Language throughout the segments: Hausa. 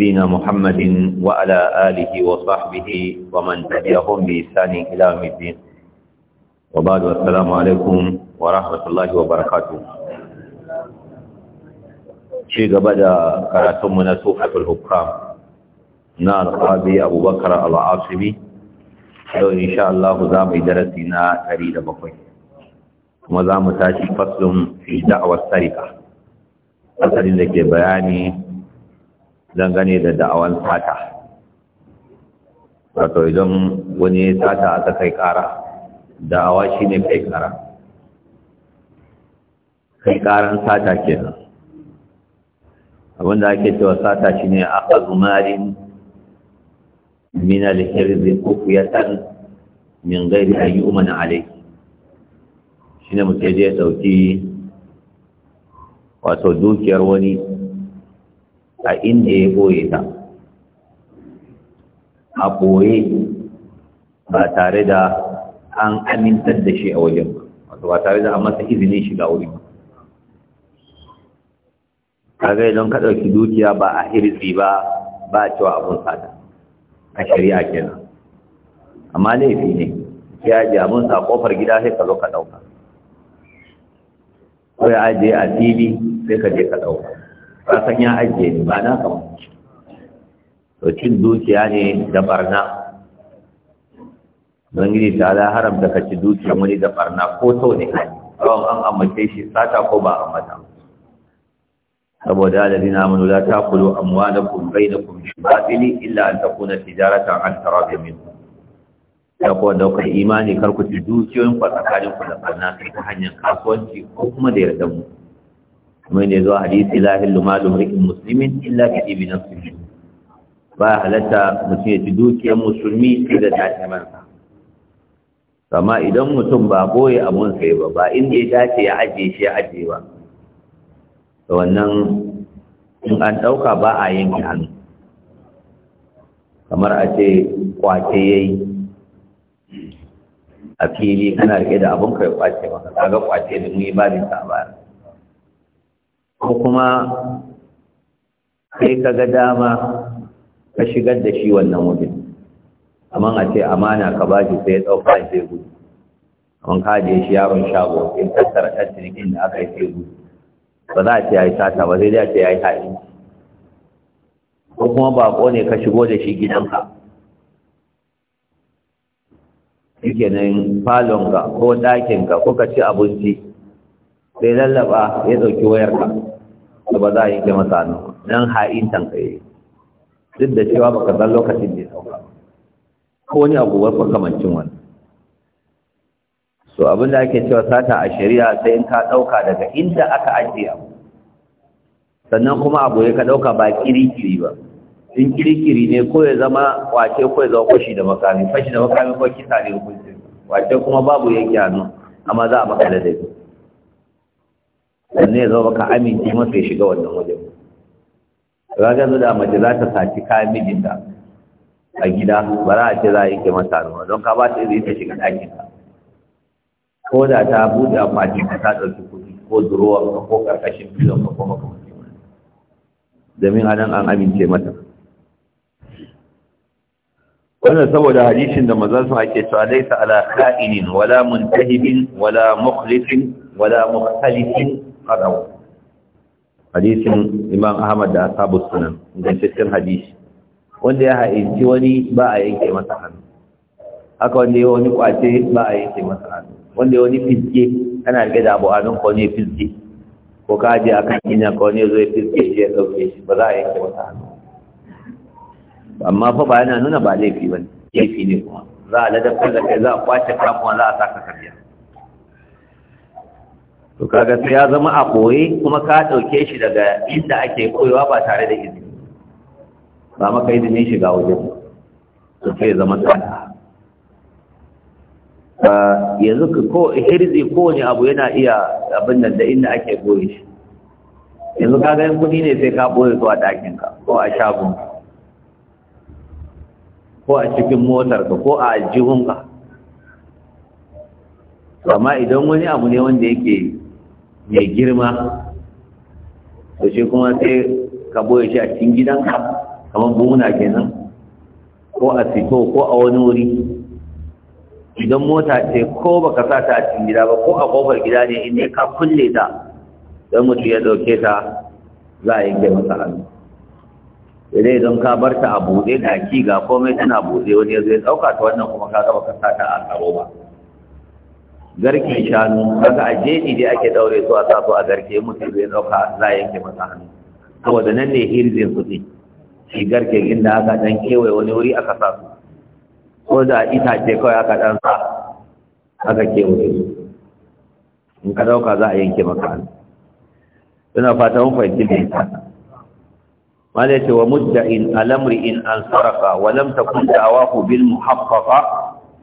نبينا محمد وعلى آله وصحبه ومن تبعهم بإحسان إلى يوم الدين وبعد السلام عليكم ورحمة الله وبركاته شيء بدا كراتم من سوحة الحكام نار قاضي أبو بكر العاصمي لو إن شاء الله زام درسنا تريد بقي وزام تاشي فصل في دعوة السرقة أصل لك بياني dangane da da'awan sata wato idan wani sata aka kai kara da'awa shi ne kai kara kai karan sata ke nan abinda ake cewa sata shi ne aka zumarin min ya san min gairi a yi umarni alai shi ne mutum ya ɗauki wato dukiyar wani a inda ya ɓoye ta a ɓoye ba tare da an amintar da shi a wajen ba wato ba tare da an masa izinin shiga wuri ba kaga idan ka ɗauki dukiya ba a hirzi ba ba cewa abun sada a shari'a kenan amma laifi ne ya ji abun sa kofar gida sai ka zo ka ɗauka ko ya ajiye a fili sai ka je ka ɗauka ba san ya ajiye ni ba na kama to cin dukiya ne da barna don gini ta za haramta ka ci dukiya wani da barna ko to ne tsawon an amince shi sata ko ba a mata. saboda amuwa na kumfai da kumshi ba fili illa an takuna tijarata an da min da kuwa daukar imani kar ku ci dukiyoyin ku tsakanin da barna ta hanyar kasuwanci ko kuma da yardan mu kuma ne zuwa hadisi la hillu malu rikin muslimin illa bi ibi nafsihi ba halatta mutum ya ci dukiyar musulmi sai da takimansa amma idan mutum ba boye abun sai ba ba inda ya dace ya ajiye shi ya ajiye ba da wannan in an ɗauka ba a yanke hannu kamar a ce kwace ya yi a fili kana rike da abin kai kwace ba ga kwace da mun yi babin a ba ko kuma kai ka ga dama ka shigar da shi wannan wajen amma a ce amana ka ba shi sai ya ɗauka ya sai gudu amma ka je shi yaron shago sai tattara ɗan cinikin da aka yi sai gudu ba za a ce ya yi sata ba sai dai a ce ya yi haɗin ko kuma baƙo ne ka shigo da shi gidanka yake nan falonka ko ɗakinka ko ka ci abinci sai lallaba ya ɗauki wayarka ba za a ke masa nan nan ha'in tankaye duk da cewa baka san lokacin da ya sauka ko wani abu wasu kamancin wani so abin da ake cewa sata a shari'a sai in ka ɗauka daga inda aka ajiye abu sannan kuma abu ya ka ɗauka ba kirikiri ba in kirikiri ne ko ya zama kwace ko ya zama kwashi da makami fashi da makami ko kisa ne hukunci kwace kuma babu yake hannu amma za a maka ladabi sannan ya zama ka amince masa ya shiga wannan wajen raga da mace za ta saci kayan mijinta a gida ba za a ce za a ke masa ruwa don ka ba ta izini ta shiga ɗakinka ko da ta buɗe akwatin ka ta ɗauki kuɗi ko durowar ka ko ƙarƙashin filon ka ko makamancin wani domin a nan an amince mata wannan saboda hadisin da maza su ake cewa laisa ala kha'inin wala muntahibin wala mukhlifin wala mukhtalifin qadau hadisin imam ahmad da Asabu sunan cikin hadisi wanda ya hainci wani ba a yanke masa hannu haka wanda ya wani kwace ba a yanke masa hannu wanda ya wani fiske ana rike da abu ko ne fiske ko ka je akan ina ko ne zo ya fiske shi ya dauke shi ba za a yanke masa hannu amma fa ba yana nuna ba laifi ba laifi ne kuma za a ladabtar da kai za a kwace kamuwa za a saka karya to kaga sai ya zama a koyi kuma ka ɗauke shi daga inda ake koyewa ba tare da izini ba maka izinin shiga wajen to sai zama tsada yanzu ko hirzi ko ne abu yana iya abin nan da inda ake koyi shi yanzu ka ga kudi ne sai ka ɓoye zuwa dakin ɗakinka ko a shagon ko a cikin motar ka, ko a ka, amma idan wani abu ne wanda yake mai girma to shi kuma sai ka boye shi a cikin gidanka kamar buhuna kenan ko a sito ko a wani wuri idan mota ce ko baka sa ta a cikin gida ba ko a kofar gida ne inda ka kulle ta don mutum ya dauke ta za a yanke masa hannu idan idan ka bar ta a buɗe da ki ga komai tana buɗe wani ya zai ɗauka ta wannan kuma ka gaba ka sa ta a tsaro ba garke shanu kaga a jeji dai ake daure su a sasu a garke mutu zai dauka za a yanke masa hannu saboda nan ne hirzin su ne shi garke inda aka dan kewaye wani wuri aka sa su ko da itace kawai aka dan sa aka kewaye su in ka dauka za a yanke maka hannu suna fata mun fahimci da ita ما ليس ومدع الأمر wa lam takun da'awahu bil muhaffafa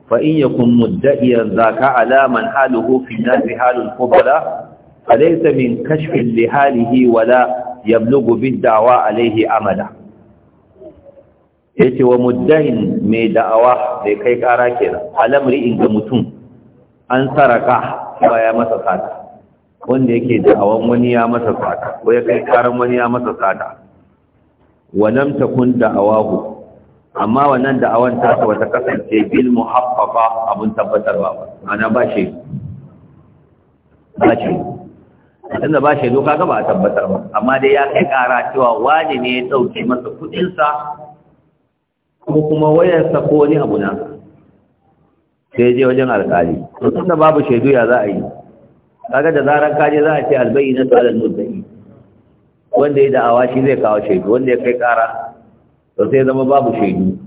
fa in yakun mudda'iyan zaka ala man haluhu fi nasi halul kubra alaysa min kashfin li halihi wala yablugu bid da'wa alayhi amala yace wa muddain mai da'awa bai kai kara kenan alamri in ga mutum an saraka ba ya masa sata wanda yake da'awan wani ya masa sata ko ya kai karan wani ya masa sata wa lam takun da'awahu amma wannan da'awan ta ta wata kasance bil muhaffafa abun tabbatarwa ana ba shi ba shi tun da ba shi doka gaba a tabbatar ba amma dai ya kai kara cewa wani ne ya dauki masa kudinsa ko kuma wayarsa ko wani abu na sai je wajen alkali tun da babu shaidu ya za a yi kaga da zarar kaje za a ce albayyana ta alal mudda'i wanda ya da'awa shi zai kawo shaidu wanda ya kai kara to sai zama babu shaidu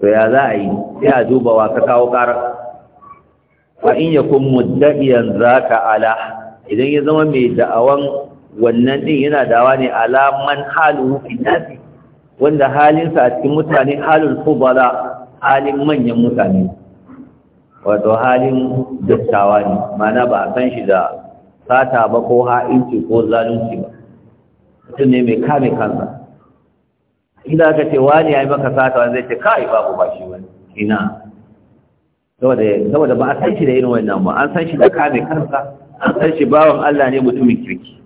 to ya za a yi sai a duba wa ka kawo ƙarar fa in yakun mudda'iyan zaka ala idan ya zama mai da'awan wannan din yana dawa ne ala man haluhu fi nasi wanda halinsa a cikin mutane halul fubala halin manyan mutane wato halin dattawa ne mana ba a san shi da sata ba ko ha'inci ko zalunci ba mutum ne mai kame kansa idan aka ce wani ya yi maka sata wani zai ce kai babu ba shi wani ina saboda ba a san shi da irin wannan ba an san shi da kame kansa an san shi bawan Allah ne mutumin kirki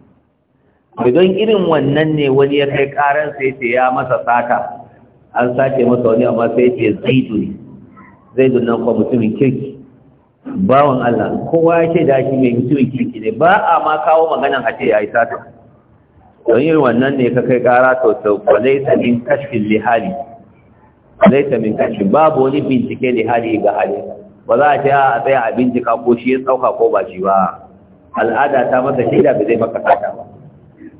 don irin wannan ne wani ya kai karan sai ce ya masa sata an sace masa wani amma sai ce zaidu ne zaidu nan kuma mutumin kirki bawan Allah kowa ya ce da shi mai mutumin kirki ne ba a ma kawo maganan a ce ya yi sata don yin wannan ne ka kai kara tautau walaita min kashfin lihali walaita min kashfin babu wani bincike lihari ga hali ba za a ta a tsaya a bincika ko shi ya tsauka ko ba shi ba al'ada ta masa shi ba zai maka sata ba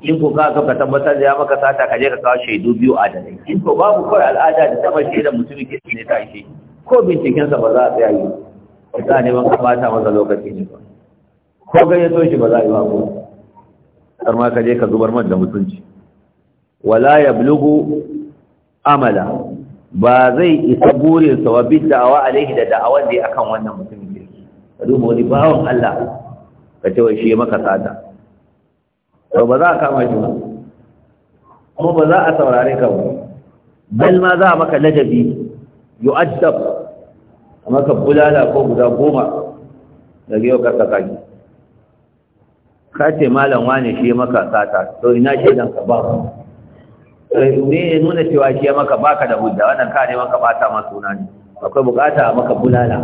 in ko ka ka tabbatar da ya maka sata ka je ka kawo shaidu biyu adalai in ko babu kawai al'ada da ta mace da mutumin ke ne ta shi ko bincikensa ba za a tsaya yi ba za a neman ka bata masa lokaci ne ba ko so shi ba za a yi ba ko har ma ka je ka zubar man da mutunci wala yablughu amala ba zai isa burinsa wa bi da'awa alaihi da da'awar da ya akan wannan mutumin kirki ka duba wani bawan Allah ka ce wai shi maka sada to ba za a kama shi ba kuma ba za a saurare ka ba bal ma za a maka ladabi yu'addab maka bulala ko guda goma daga yau ka kaki ka ce malam wane shi maka sata to ina dan ka ba ne ya nuna cewa shi maka baka da hujja wannan ka ne maka bata ma suna ne akwai bukata maka bulala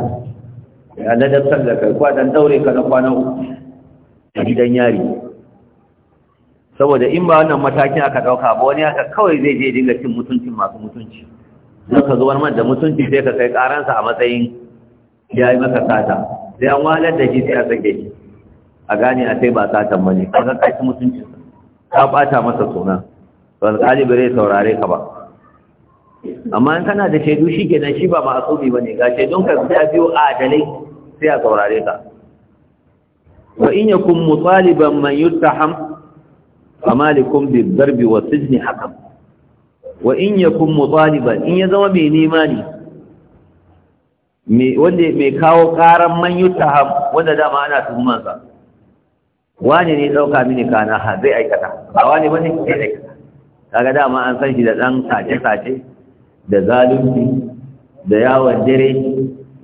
ya ladabtar da kai kwa dan daure ka na kwana a gidan yari saboda in ba wannan matakin aka dauka ba wani aka kawai zai je dinga cin mutunci masu mutunci zaka zubar man da mutunci sai ka kai karansa a matsayin ya yi maka sata sai an walar da shi sai a sake shi a gane a sai ba satan bane kaga ka su mutuncin ka bata masa suna to alƙali bare saurare ka ba amma in kana da shaidu shi kenan shi ba ba ne ga shaidun ka sai a biyo a adalai sai a saurare ka wa in yakun mutaliban man yuttaham bi bidarbi wa sijni hakam wa in yakun mutaliban in ya zama mai nema ne wanda mai kawo karan man ham wanda dama ana tuhumansa wani ne ɗauka mini kana ha zai aikata ba wani ba ne zai aikata kaga dama an san shi da ɗan sace-sace da zalunci da yawon jere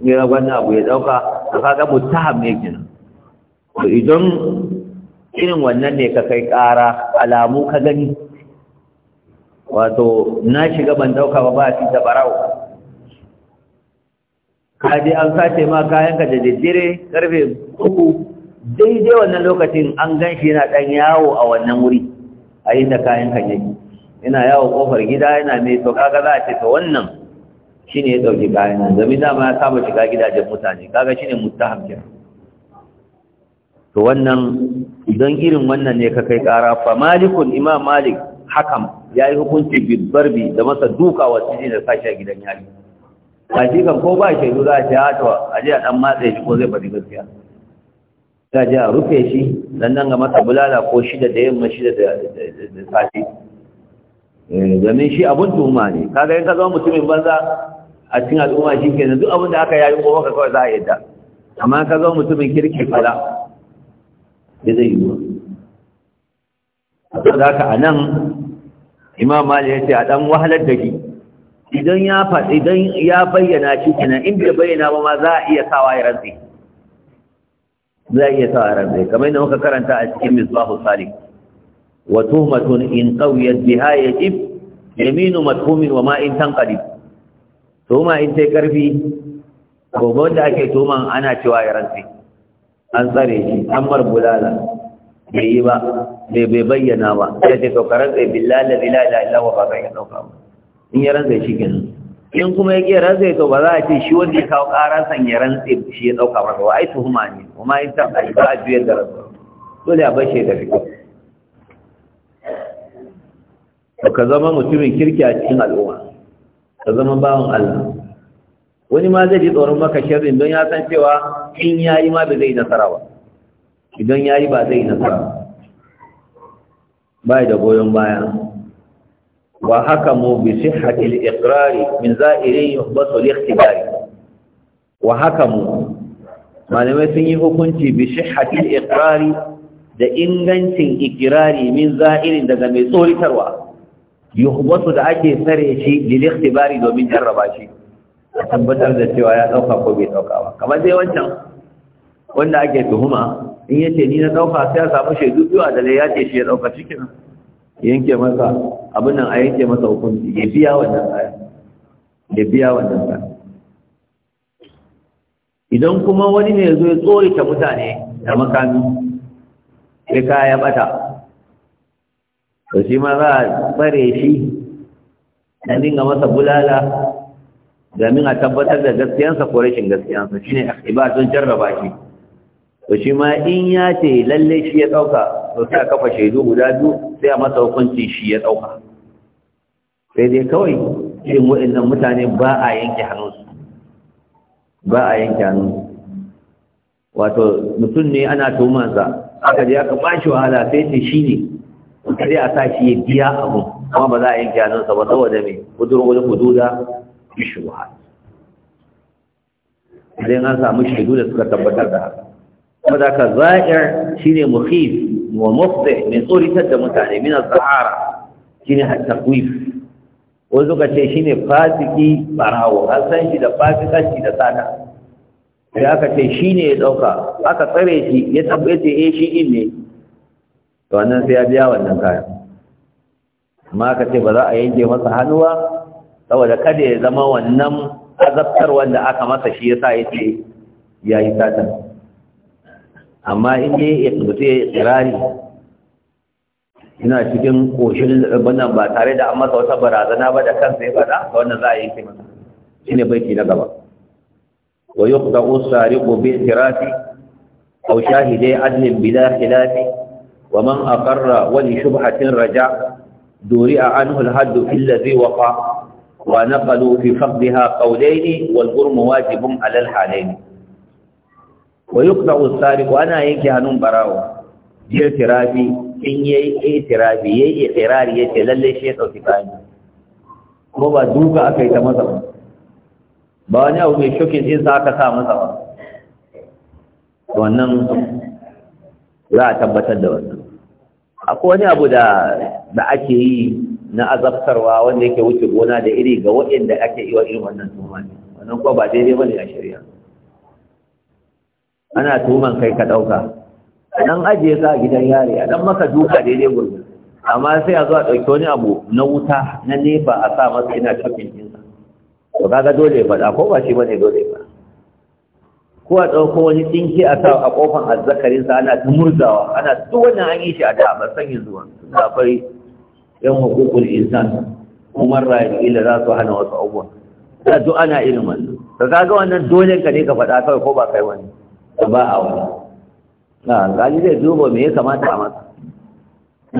ne wani abu ya ɗauka to kaga mutaham ne kenan to idan irin wannan ne ka kai ƙara alamu ka gani wato na shiga ban ɗauka ba ba shi da barawo je an sace ma kayanka da jere karfe uku daidai wannan lokacin an gan shi yana ɗan yawo a wannan wuri a da kayan kan yake yana yawo kofar gida yana mai to kaga za a ce to wannan shine ya ɗauki kayan nan domin dama ya saba shiga gidajen mutane kaga shine mustahab kenan to wannan idan irin wannan ne ka kai ƙara fa malikun imam malik hakam ya yi hukunci bibbarbi da masa duka wa cikin da sashi a gidan yari shi kan ko ba shaidu za a ce hatuwa a je a ɗan matsayi ko zai faɗi gaskiya ta ji a rufe shi nan nan ga masa bulala ko shida da yamma shida da safe eh, domin shi abun tuhuma ne kaga yin ka zama mutumin banza a cikin al'umma shi ke duk abin da aka yayi ko baka kawai za a yadda amma ka zama mutumin kirki fada da zai yiwu a da haka a nan imam mali ya ce a dan wahalar da shi idan ya idan ya bayyana shi kenan in bai bayyana ba ma za a iya sawa ya rantsi za a iya sa a rantsai kamar yadda muka karanta a cikin misbahu tsari wa tuhmatun in qawiyat biha yajib yaminu mathumin wa ma in tanqalib tuhuma in tai karfi gobe wanda ake tuhuman ana cewa ya rantsai an tsare shi an mar bulala bai yi ba bai bai bayyana ba sai ta to ka rantsai billahi la ilaha illa huwa ba kai ka dauka in ya rantsai shi kenan in kuma ya ƙera zai to ba za a ce shi wanda ya kawo ƙaransan ya rantse shi ya ɗauka masa wa ai huma ne kuma in ta yi, ba a juyar da to dole ba shi da fito to ka zama mutumin kirki a cikin al'umma ka zama bawan Allah wani ma zai ji tsoron maka sharrin don ya san cewa in ya yi ma ba zai nasara ba idan ya yi ba zai nasara ba da goyon baya wa haka mu bi sihhatil iqrari min za'iri yuhbasu li ikhtibari wa hakamu malamai sun yi hukunci bi sihhatil iqrari da ingancin ikirari min za'irin daga mai tsoritarwa yuhbasu da ake sare shi lil ikhtibari domin jarraba shi a tabbatar da cewa ya dauka ko bai dauka ba kamar dai wancan wanda ake tuhuma in yace ni na dauka sai ya samu shaidu biyu a dalilai ya ce shi ya dauka shikenan yanke masa abin nan a yanke masa hukunci ya biya wannan kaya ya biya wannan kaya idan kuma wani ne zo ya tsorita mutane da makami ya kaya bata to shi ma za a tsare shi dan dinga masa bulala domin a tabbatar da gaskiyansa ko rashin gaskiyansa shine ibadun jarraba shi to shi ma in ya ce lalle shi ya ɗauka to sai a kafa shaidu guda biyu sai a masa hukuncin shi ya ɗauka sai dai kawai irin wa'annan mutane ba a yanke hannunsu ba a yanke hannunsu wato mutum ne ana tumansa aka je aka ba shi wahala sai ce shi ne sai a sa shi ya biya abu kuma ba za a yanke hannunsa ba saboda mai kudurin wani kududa shi wahala idan an samu shaidu da suka tabbatar da haka saboda ka za'ir shine muhif wa mufdi mai tsoritar da mutane min al-sahara shine at-taqwif wanda ka ce shine fasiki barawo har san shi da fasikanci da tsada. sai aka ce shine ya dauka aka tsare shi ya tabbace eh shi din ne to wannan sai ya biya wannan kayan amma aka ce ba za a yanke masa hannuwa saboda kada ya zama wannan azabtar wanda aka masa shi yasa yace ya yi satan amma in dai ya mutu ya tsirari ina cikin ƙoshin wannan ba tare da an masa wata barazana ba da kansa ya faɗa wannan za a yanke ne bai baiti na gaba wa yuqda'u sariqu bi tirati aw shahidai bila hilafi wa man akarra wa shubhatin raja duri'a a al haddu illa zai wafa, wa naqalu fi faqdiha qawlayn wal jurm wajibun alal al ne. wa yuqda'u sariqu ana yanke hannun barawo ya tirafi in yayi itirafi yayi ya ce lallai shi ya dauki kayan ko ba duka aka yi ta masa ba ba wani abu mai shokin in sa aka sa masa ba wannan za a tabbatar da wannan akwai wani abu da da ake yi na azabtarwa wanda yake wuce gona da iri ga waɗanda ake yi wa irin wannan tuhuma wannan ko ba daidai ne a shari'a ana tuman kai ka ɗauka a ɗan ajiye ka a gidan yare a ɗan maka duka daidai gurbi amma sai a zo a ɗauki wani abu na wuta na nefa a sa masa ina cikin ɗinsa to kaga dole ba da ko ba shi bane dole ba ko a ɗauko wani ɗinki a sa a ƙofan sa ana ta murzawa ana duk wannan an yi shi a da ba san yanzu ba akwai yan hukukul insan umar ila za su hana wasu abubuwa da duk ana irin wannan ka kaga wannan dole ka ne ka faɗa kawai ko ba kai wani ba a wani na alƙali zai duba me ya kamata a masa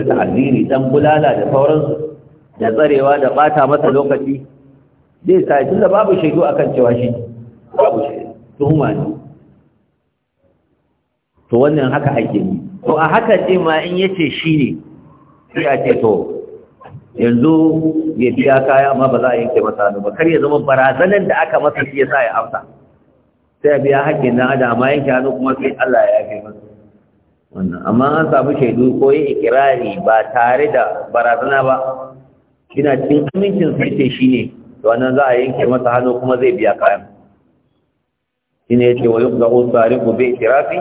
da addini dan bulala da sauransu da tsarewa da bata masa lokaci zai sa tunda babu shaidu akan cewa shi babu shaidu tuhuma ne to wannan haka ake yi to a haka ce ma in yace shi ne sai a ce to yanzu ya biya kaya amma ba za a yanke masa hannu ba kar ya zama barazanar da aka masa shi ya sa ya amsa sai biya haƙƙin dan adam amma yanke hannu kuma sai Allah ya yafe masa wannan amma an samu shaidu ko yin ikirari ba tare da barazana ba Ina cikin amincin sai ce shine to wannan za a yanke masa hannu kuma zai biya kayan shine yace wa yuqdahu sariqu bi itirafi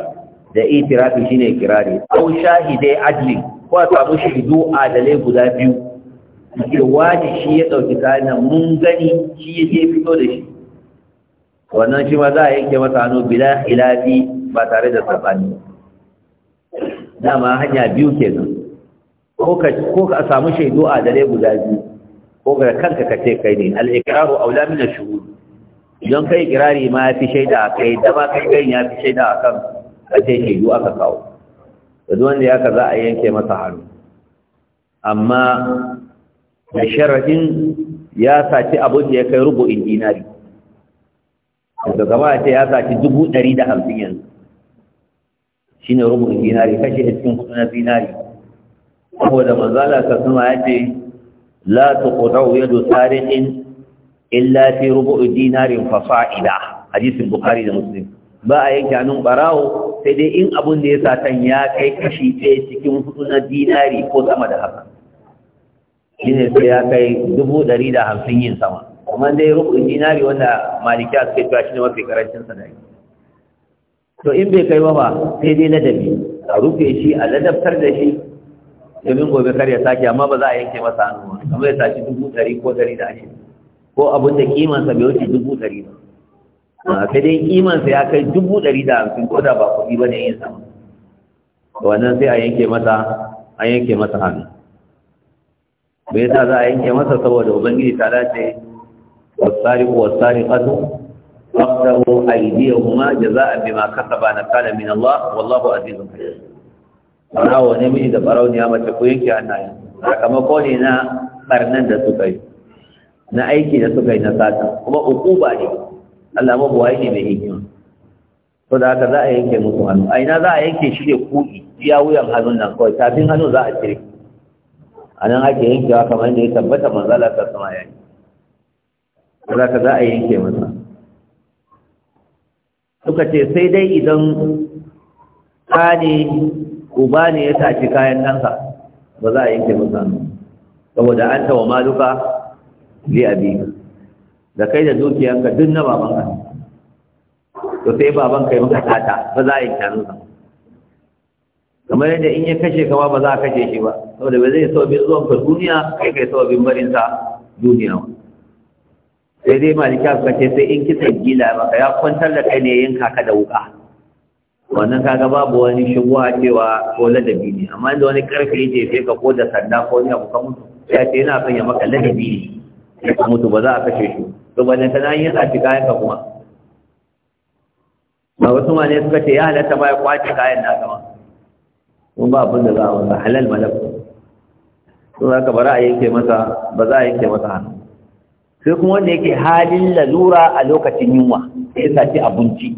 da itirafi shine ikirari ko shahidai adli ko a samu shaidu adalai guda biyu ke waje shi ya ɗauki kayan mun gani shi ya je fito da shi wannan shi ma za a yanke masa hannu bila ilafi ba tare da sabani dama hanya biyu kenan ko ko ka samu shaidu a dare guda biyu ko ga kanka ka ce kai ne al a wula mina ash don kai kirari ma ya fi shaida a kai dama kai kai ya fi shaida a A ce shaidu aka kawo duk wanda ya ka za a yanke masa hannu amma da sharaɗin ya saci abin da ya kai rubu'in dinari da gama ce ya saci dubu ɗari da hamsin yanzu shi ne rubun zinari kashe a cikin kudu na zinari saboda manzala ka suma ya ce la ta kuɗau yadda tarihin illa fi rubu dinarin fasa'ida hadisin bukari da musulun ba a yanke hannun ɓarawo sai dai in abin da ya satan ya kai kashi ɗaya cikin hudu na dinari ko sama da haka shi ne sai ya kai dubu ɗari da hamsin yin sama Kuma dai rubu'in dinari wanda malikiya suka cewa shi ne mafi karancin sadaki to in bai kai ba ba sai dai ladabi a rufe shi a ladabtar da shi domin gobe kar ya sake amma ba za a yanke masa hannu ba kuma ya sashi dubu ɗari ko ɗari da ashirin ko abin da kimansa bai wuce dubu ɗari ba sai dai kimansa ya kai dubu ɗari da hamsin ko da ba kuɗi ba ne yin sama wannan sai a yanke masa a yanke masa hannu me yasa za a yanke masa saboda ubangiji ta dace والسارق والسارقة فاقتروا أيديهما جزاء بما كسبا نكالا من الله والله عزيز حكيم barawo namiji da barawo ne mace ko yanke hannayen sakamako ne na barnan da suka na aiki da suka na sata kuma ukuba ne Allah mabuwai ne mai hikima to da haka za a yanke musu hannu a ina za a yanke shi ne kuɗi iya wuyan hannun nan kawai tafin hannun za a cire a nan ake yankewa kamar yadda ya tabbatar manzala ta sama yayi za ka za a yanke masa suka ce sai dai idan ka ne uba ne ya tashi kayan ɗansa ba za a yanke masa saboda an tawa maluka li abi da kai da dukiyanka duk na babanka to sai babanka ya maka tata ba za a yanke masa kamar yadda in ya kashe kama ba za a kashe shi ba saboda ba zai so zuwan ka duniya kai kai so barinsa duniya ba sai dai malika suka ce sai in kisa gila maka ya kwantar da kai ne yin kaka da wuka wannan kaga babu wani shigowa cewa ko ladabi ne amma inda wani karfe ya jefe ka ko da sanda ko wani abu ka mutu ya ce yana son ya maka ladabi ne ya ka mutu ba za a kashe shi to ba ne ta na yin sace kayan ka kuma ba wasu ma ne suka ce ya halatta ba ya kwace kayan na kama. Mun ba abin da za a masa halal malak sun za ka bara a yanke masa ba za a yanke masa hannu sai kuma wanda yake halin lalura a lokacin yunwa ya sace abinci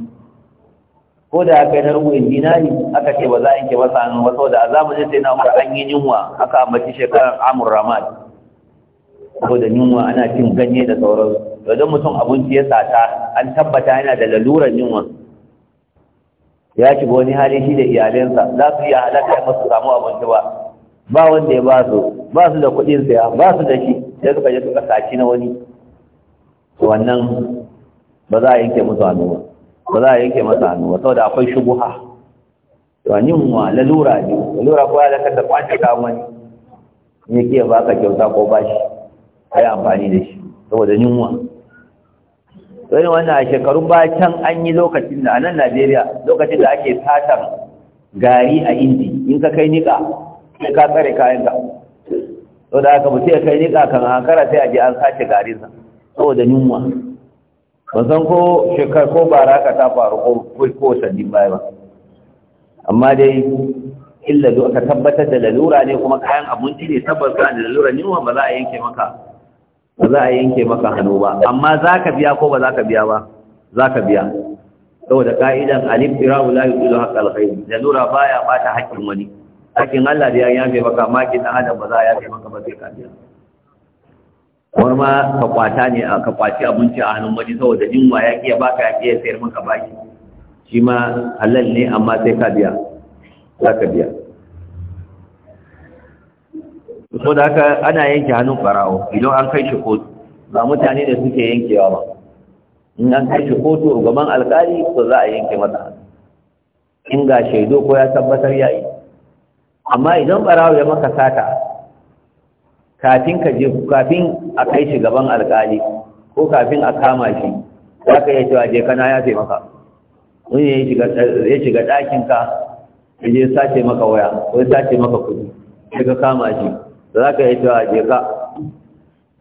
ko da aka yi na rubu'in dinari aka ce ba za a yanke sa hannu wasu da a zamanin sai na umar an yi yunwa aka ambaci shekarar amur ramad ko da yunwa ana cin ganye da sauran don mutum abinci ya sata an tabbata yana da lalurar yunwa ya shiga wani hali shi da iyalinsa za su iya halaka masu samu abinci ba ba wanda ya ba su ba su da kuɗin saya ba su da shi sai suka je suka saci na wani wannan ba za a yanke masa hannu ba za a yanke masa hannu ba da akwai shubuha to an yunwa lalura ne lalura ko ya da ka kwace ka wani ne ke ba ka kyauta ko bashi yi amfani da shi saboda yunwa wani wannan a shekarun ba can an yi lokacin da a nan najeriya lokacin da ake satar gari a inji in ka kai niƙa sai ka tsare kayanka to da aka mutu ya kai niƙa kan hankara sai a je an sace garinsa saboda yunwa ban san ko shekar ko ka ta faru ko ko sanin baya ba amma dai illa zo ka tabbatar da lalura ne kuma kayan abinci ne tabbas ka da lalura yunwa ba za a yanke maka ba za a yanke maka hannu ba amma za ka biya ko ba za ka biya ba za ka biya saboda ka'idan alif irahu la yudilu haqqal khayr lalura baya bata haƙƙin wani haƙƙin Allah da ya yafe maka maki, kin adam ba za a yafe maka ba sai ka biya wani ma ka kwata ne ka kwaci abinci a hannun waje saboda yunwa ya ƙiya baka ya ƙiya sayar maka baki shi ma halal ne amma sai ka biya za ka biya so da haka ana yanke hannun farawo idan an kai shi kotu ba mutane da suke yankewa ba in an kai shi kotu gaban alkali to za a yanke masa in ga shaido ko ya tabbatar ya yi amma idan ɓarawo ya maka sata kafin ka je kafin a kai shi gaban alkali ko kafin a kama shi za ka iya cewa je kana ya fi maka wani ya shiga ɗakinka ya je sace maka waya ko ya sace maka kuɗi sai ka kama shi za ka iya cewa je ka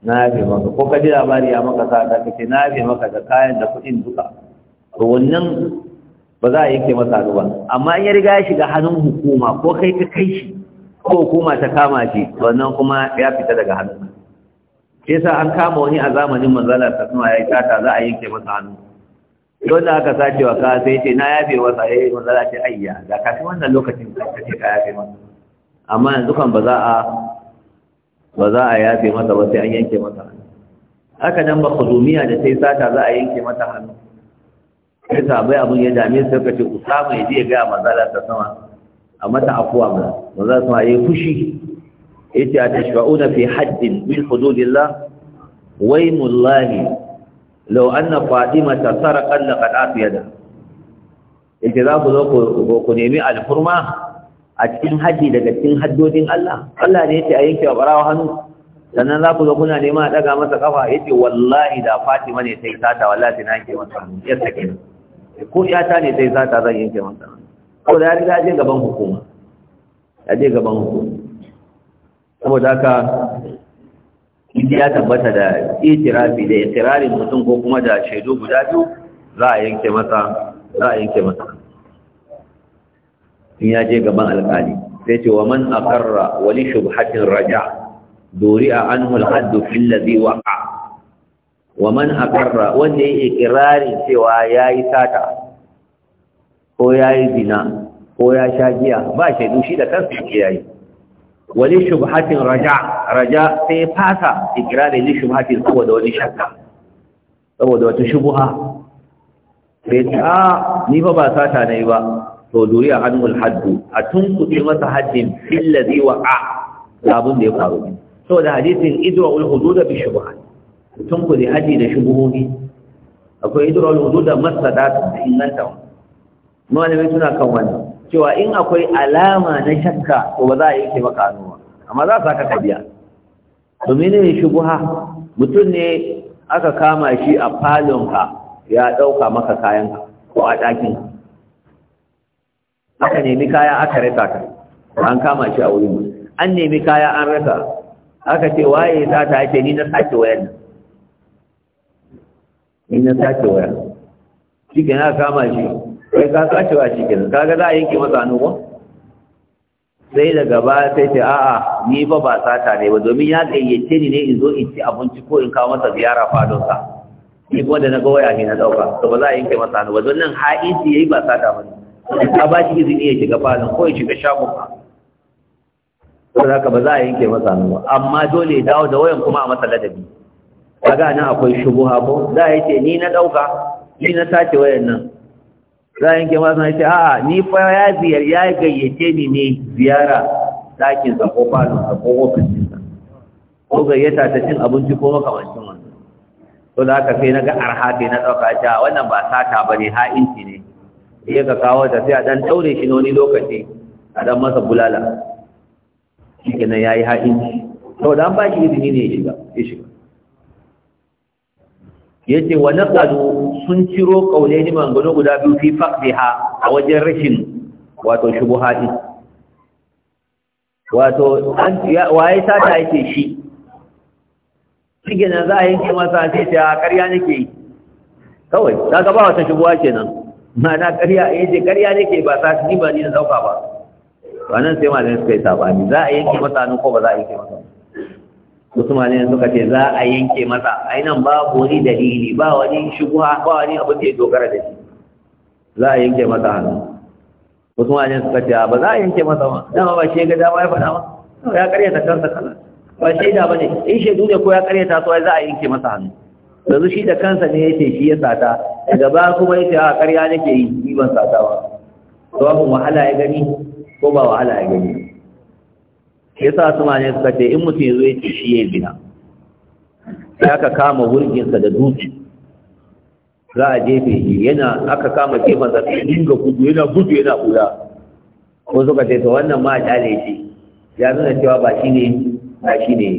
na ya fi maka ko ka ji labari ya maka sa ka ce na ya fi maka da kayan da kuɗin duka to wannan ba za a yanke masa ruwa amma in ya riga ya shiga hannun hukuma ko kai ka kai shi ko kuma ta kama shi wannan kuma ya fita daga hannu shi yasa an kama wani a zamanin manzala ta suna ya yi tata za a yanke masa hannu don da aka sace wa ka sai ce na yafe masa eh, ya yi manzala ce ayya da kafin wannan lokacin ka ce ka yafe masa amma yanzu kan ba za a ba za a yafe masa ba sai an yanke masa hannu haka nan ba kuzumiya da sai sata za a yanke mata hannu sai bai abin ya dame sai ka ce usama ya je ya gaya manzala ta sama a mata afuwa ba ba za su haye fushi ya ce a tashfa'una fi haddin min hududillah waimullahi lau anna fatima ta sarakan da kaɗa fiye da yake za ku zo ku nemi alfurma a cikin haddi daga cikin haddodin Allah Allah ne yace a yanke wa barawa hannu sannan za ku zo kuna nema a daga masa kafa yace wallahi da fatima ne sai sata wallahi na yanke masa hannu ya kenan. ko iyata ne sai sata zan yanke masa hannu saboda ya riga je gaban hukuma ya je gaban hukuma saboda haka ya tabbata da itirafi da ikirarin mutum ko kuma da shaidu guda biyu za a yanke masa za a yanke masa in ya je gaban alkali sai ce wa man aqarra wa li shubhatin raja duri'a anhu al-hadd fi alladhi waqa wa man aqarra wanda yake ikrarin cewa yayi sata ko ya yi zina ko ya sha giya ba shaidu shi da kansa yake ya yi wani shubhatin raja raja sai fasa ikirarin ni shubhatin saboda wani shakka saboda wata shubuha bai ta ah, ni fa ba sata na yi ba to duriya hannun haddu a tun kuɗi masa haddin fillazi wa a abin da ya faru saboda hadisin idwa ul hududa bi shubhat tun kuɗi haddi da shubuhohi akwai idwa ul hududa masadat da inganta malamai suna kan wannan cewa in akwai alama na shakka to ba za a yi ke maka hannu amma za ka ka biya to ne shubuha mutum ne aka kama shi a falon ka ya ɗauka maka kayan ka ko a ɗakin aka nemi kaya aka rasa ka an kama shi a wurin an nemi kaya an rasa aka ce waye za ta ce ni na sake wayar ni na sake wayar shi kenan aka kama shi sai ka sacewa shi kenan kaga za a yanke masa hannu ba sai daga ba sai ce a'a ni ba ba sata ne ba domin ya gayyace ni ne in zo in ci abinci ko in kawo masa ziyara fadonsa ni kuma da na ga waya ne na dauka to ba za a yanke masa hannu ba don nan ha'inci yayi ba sata ba ne ka ba shi izini ya shiga falon ko ya shiga shagon ba ko za ka ba za a yanke masa hannu ba amma dole ya dawo da wayan kuma a masa ladabi kaga nan akwai shubuha ko za a yi ce ni na dauka ni na sace wayan nan za yanke masu na ce a'a ni fa ya ziyar ya gayyace ni ne ziyara ɗakin sa ko falon sa ko ofis ɗinsa ko gayyata ta cin abinci ko makamancin wannan To da aka sai na ga arha sai na ɗauka ta wannan ba sata ba ne inci ne iya ka kawo ta sai a ɗan ɗaure shi na wani lokaci a ɗan masa bulala shi kenan ya yi inci. To an ba shi izini ne ya shiga yace wa naqalu sun ciro kaulaini mangano guda biyu fi faqdiha a wajen rashin wato shubuhati wato waye sata yake shi shige za a yanke masa sai ta ƙarya nake yi kawai daga ba wata shubuwa kenan ma'ana ƙarya yace eh, ƙarya nake ba sa ni ba ni na dauka ba wannan sai malamin ta yi sabani za a yanke masa ko ba za a yanke masa wasu ne suka ce za a yanke masa ainihin ba wani dalili ba wani shubuha ba wani abin da ya dogara da shi za a yanke masa hannu wasu ne suka ce ba za a yanke masa ma dama ba shi ga dama ya faɗa ba ya ta kansa kana ba shi ba ne in shaidu ne ko ya ta su za a yanke masa hannu yanzu shi da kansa ne ya shi ya sata daga ba kuma yake a karya nake yi ban sata ba to wahala ya gani ko ba wahala ya gani ke sa su ne suka ce in mutum ya zo ya ce shi ya bina sai aka kama wurginsa da dutse za a jefe shi yana aka kama jefan sa dinga gudu yana gudu yana kula ko suka ce to wannan ma kyale shi ya nuna cewa ba shi ne ba shi ne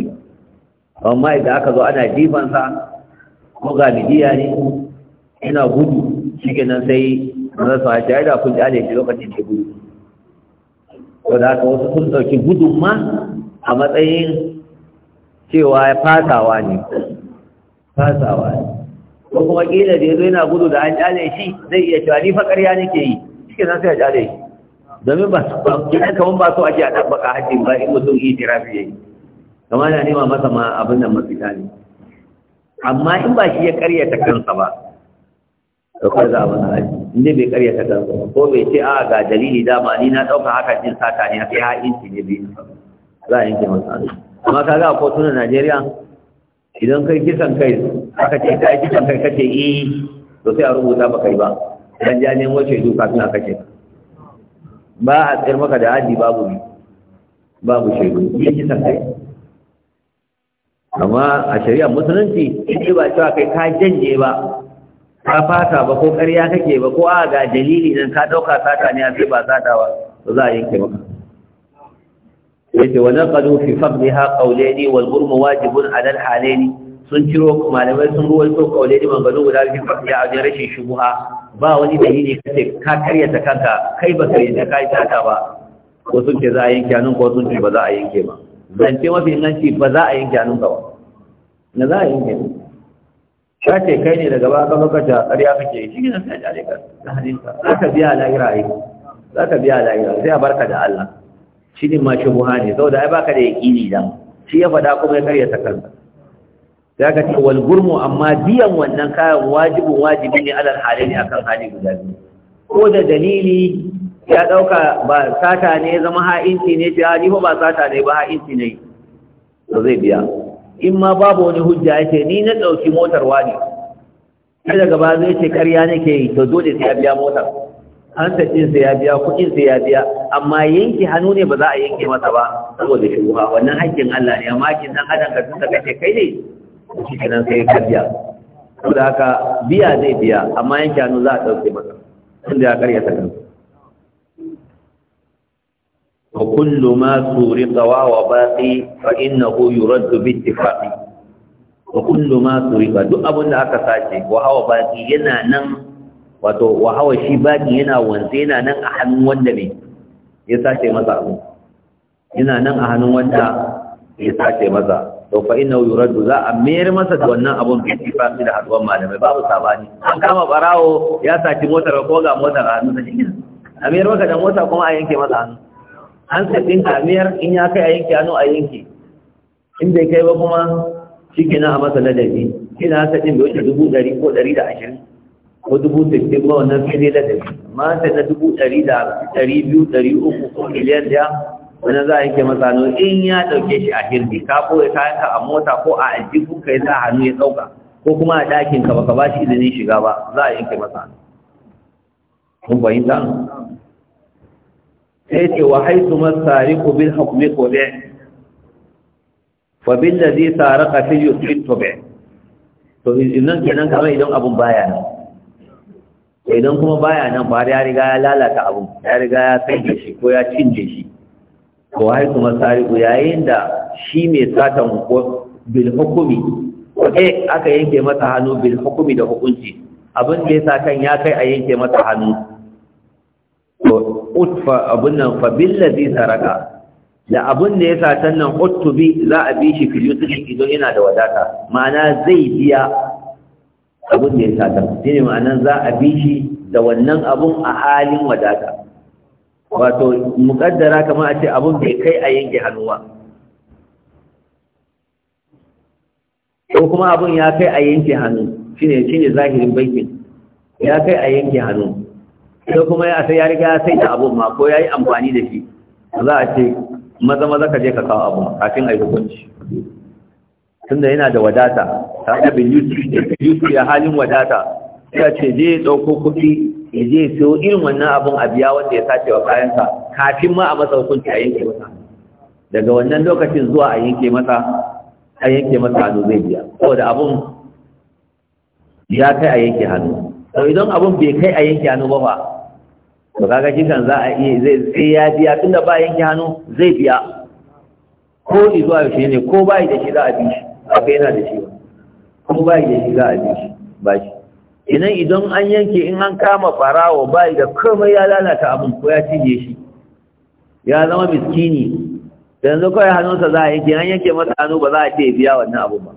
amma idan aka zo ana jifan sa ko ga midiya ne yana gudu shi kenan sai na rasa shi ya da kun kyale shi lokacin da gudu da haka wasu sun ɗauki gudun ma a matsayin cewa ya fasawa ne fasawa ne ko kuma ƙila da ya zo yana gudu da an ƙyale shi zai iya cewa ni fa ƙarya nake yi shi nan sai a ƙyale shi domin ba su ba kiɗan kamar ba su ake a ɗan baka hajji ba in mutum yi tirafi ya yi kama na nema masa ma abin nan mafita ne amma in ba shi ya ƙaryata kansa ba ɗaukar za a masa haji inda bai karya ta kansa ko bai ce a ga dalili dama ni na ɗauka haka jin sata ne kai ya inci ne bi za a yanke masa hannu. amma ka ga ko na najeriya idan kai kisan kai aka ce kai kisan kai kace eh to sai a rubuta baka yi ba dan ja ne wace du kafin a ce ba a tsayar maka da haji babu ne babu shaidu ya kisan kai amma a shari'a musulunci in ba cewa kai ka janye ba ka fata ba ko ƙarya kake ba ko a ga dalili nan ka ɗauka sata ne a sai ba sata ba za a yanke maka yace wa naqalu fi fadliha qawlaini wal burmu wajibun ala hale ni sun ciro malamai sun ruwaito qawlaini mangano guda biyu fadliha a wajen rashin shubuha ba wani dalili kace ka karyata kanka kai ba kai ta kai sata ba ko sun ce za a yanke nan ko sun ce ba za a yanke ba zance mafi inganci ba za a yanke nan ba na za a yanke ka ce kai ne daga baka maka ta ƙarya kake shi ne sai da ka da hadinka za ka biya lahira ai za ka biya lahira sai a barka da Allah shi ne ma shubuha ne saboda ai baka da yaqini da shi ya faɗa kuma ya karya kanka sai ka ce wal gurmu amma biyan wannan kayan wajibin wajibi ne alal ne akan hali guda biyu ko da dalili ya ɗauka ba sata ne zama ha'inci ne ce ha ni ba sata ne ba ha'inci ne to zai biya in ma babu wani hujja ya ce ni na ɗauki motar wani sai daga ba zai ce karya nake yi to dole sai ya biya motar an taɗin sai ya biya kuɗin sai ya biya amma yanke hannu ne ba za a yanke masa ba saboda shubuha wannan haƙƙin Allah ne amma kin dan adam ka tunda kace kai ne shi kenan sai ka biya saboda haka biya zai biya amma yanke hannu za a ɗauke masa tunda ya karya ta kansa وكل ما سرق وهو باقي فانه يرد باتفاق وكل ما سورق دو أبن أكا ساشي وهو باقي ينا نم وهو شي باقي ينا وانزينا نم أحن وندمي يساشي مسا ينا نم أحن وندا يساشي مسا to fa inna yuraddu za a mayar masa da wannan abun bi ittifaqi da haduwan malamai babu sabani an kama barawo ya saci motar ko ga motar a hannun sa shi a mayar maka da mota kuma a yanke masa hannu an saɗin kamiyar in ya kai a yanki hannu a yanki in bai kai ba kuma shi ke a masa ladabi kina saɗin bai wuce dubu ɗari ko ɗari da ashirin ko dubu sittin ba wannan fili ladabi amma sai na dubu ɗari da ɗari biyu ɗari uku ko miliyan ɗaya wani za a yanke masa hannu in ya ɗauke shi a hirbi ka koya ka a mota ko a aljihu ka yi sa hannu ya ɗauka ko kuma a ɗakin ka ka ba shi izinin shiga ba za a yanke masa hannu. Kun fahimta? sai ce wa haitu masariku bil hukmi qudi fa bil ladhi saraka fi yusrid tabi to idan kenan kamar idan abun baya nan idan kuma baya nan ba ya riga ya lalata abun ya riga ya sanje shi ko ya cinje shi ko haitu masariku yayin da shi mai satan bil hukumi wadai aka yanke masa hannu bil hukumi da hukunci abin da ya satan ya kai a yanke masa hannu utfa abun nan fa billazi saraka da abun da ya satan nan utubi za a bi shi fil yusri idan yana da wadata ma'ana zai biya abun da ya satan shine ma'anan za a bi shi da wannan abun a halin wadata wato muqaddara kamar a ce abun bai kai a yanke ba. ko kuma abun ya kai a yanke hannu shine shine zahirin bankin, ya kai a yanke hannu sai kuma ya sai ya riga ya sai da abun ma ko ya yi amfani da shi za a ce maza maza ka je ka kawo abun kafin a yi hukunci tunda yana da wadata ta da bin yusuf ya halin wadata ya ce je ya ɗauko kuɗi ya je ya siyo irin wannan abun a biya wanda ya sace wa kayansa kafin ma a masa hukunci a yanke masa daga wannan lokacin zuwa a yanke masa a yanke masa hannu zai biya saboda abun ya kai a yanke hannu to idan abun bai kai a yanke hannu ba fa to kaga shi kan za a iya zai sai ya biya tunda ba yanke hannu zai biya ko zuwa yaushe ne ko bai da shi za a bi shi akwai yana da shi ba ko bai da shi za a bi shi ba shi idan idan an yanke in an kama farawa bai da komai ya lalata abin ko ya cinye shi ya zama miskini yanzu kawai hannunsa za a yanke an yanke masa hannu ba za a ce biya wannan abu ba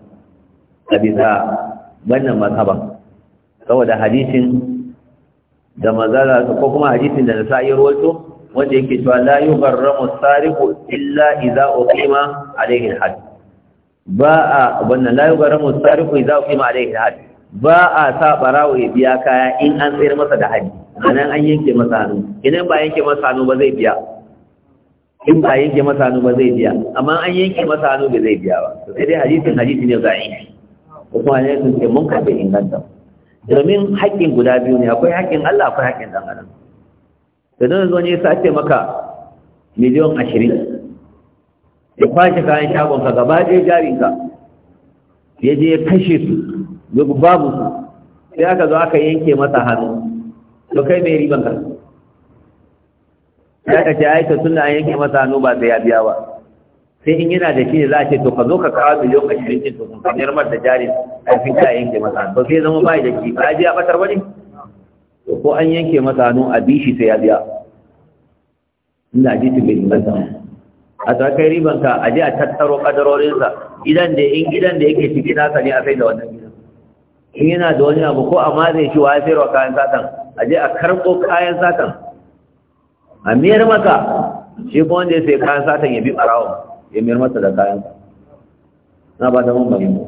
a bisa wannan mazhaban saboda hadisin da manzala ko kuma hadisin da yi rawaito wanda yake cewa la yubarramu sariqu illa idza uqima alayhi alhad ba a wannan la yubarramu sariqu idza uqima alayhi alhad ba a sa barawo ya biya kaya in an tsayar masa da haji anan an yanke masa hannu idan ba yanke masa hannu ba zai biya in ba yanke masa hannu ba zai biya amma an yanke masa hannu ba zai biya ba sai dai hadisin hadisi ne za'i ko kuma ne sun ce mun kafe inganta domin haƙƙin guda biyu ne akwai haƙƙin Allah akwai haƙƙin ɗan adam da don zo ne sa ce maka miliyon ashirin ya kwashe kayan shagonka gaba ɗaya jarinka ya je ya kashe su ya babu su sai aka zo aka yanke masa hannu to kai mai riban ka ya ta ce aika tun da an yanke masa hannu ba sai ya biya ba sai in yana da shi ne za a ce to ka zo ka kawo miliyon ashirin ɗin to kun yarmar da jari kafin ka yanke masa to sai zama ba da shi ba a biya batar wani to ko an yanke masa hannu a bi shi sai ya biya ina ji su bai inganta a ta kai riban ka a je a tattaro kadarorinsa gidan da in gidan da yake ciki nasa ne a sai da wannan gidan in yana da wani abu ko a zai shi wa ya sayarwa kayan satan a je a karɓo kayan satan a miyar maka shi kuma wanda ya sayi kayan satan ya bi ɓarawon ya mayar masa da kayan na ba ta mun bayyana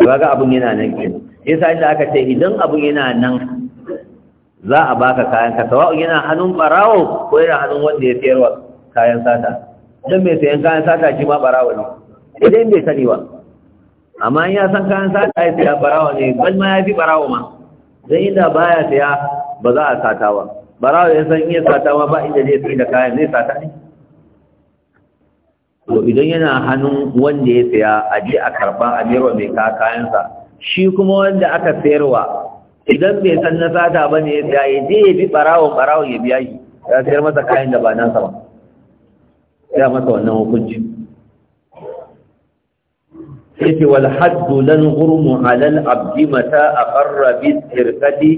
kaga abun yana nan ke yasa inda aka ce idan abun yana nan za a baka kayan ka sawa'un yana hannun barawo ko yana hannun wanda ya sayarwa kayan sata dan mai sayan kayan sata shi ma barawo ne idan bai sani ba amma in ya san kayan sata ya saya barawo ne bal ma ya fi barawo ma dan inda baya saya ba za a sata ba barawo ya san iya sata ma ba inda zai sai da kayan zai sata ne to idan yana hannun wanda ya saya a je a karba a mayarwa mai ka kayansa shi kuma wanda aka sayarwa idan bai san na sata ba ne ya saya ya je ya bi barawon barawon ya biya shi ya sayar masa kayan da ba nan sama, ya masa wannan hukunci sai ce wal haddu lan ghurmu alal abdi mata aqarra bi sirqati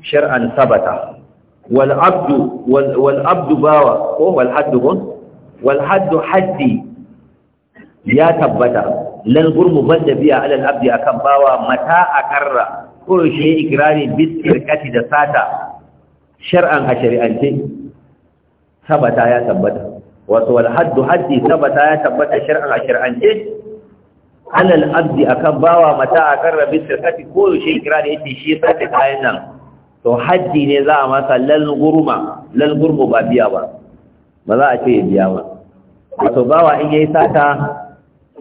shar'an sabata wal abdu bawa ko wal haddu wal haddu haddi ya tabbata lal gurmu banda biya alal abdi akan bawa mata a karra ko shi ikrarin bitirkati da sata shar'an a shari'ance sabata ya tabbata wato wal haddu haddi sabata ya tabbata shar'an a shari'ance alal abdi akan bawa mata a karra bitirkati ko shi ikrarin yace shi sata kayan nan to haddi ne za a masa lal gurma ba biya ba ba za a ce ya biya ba wato bawa in yayi sata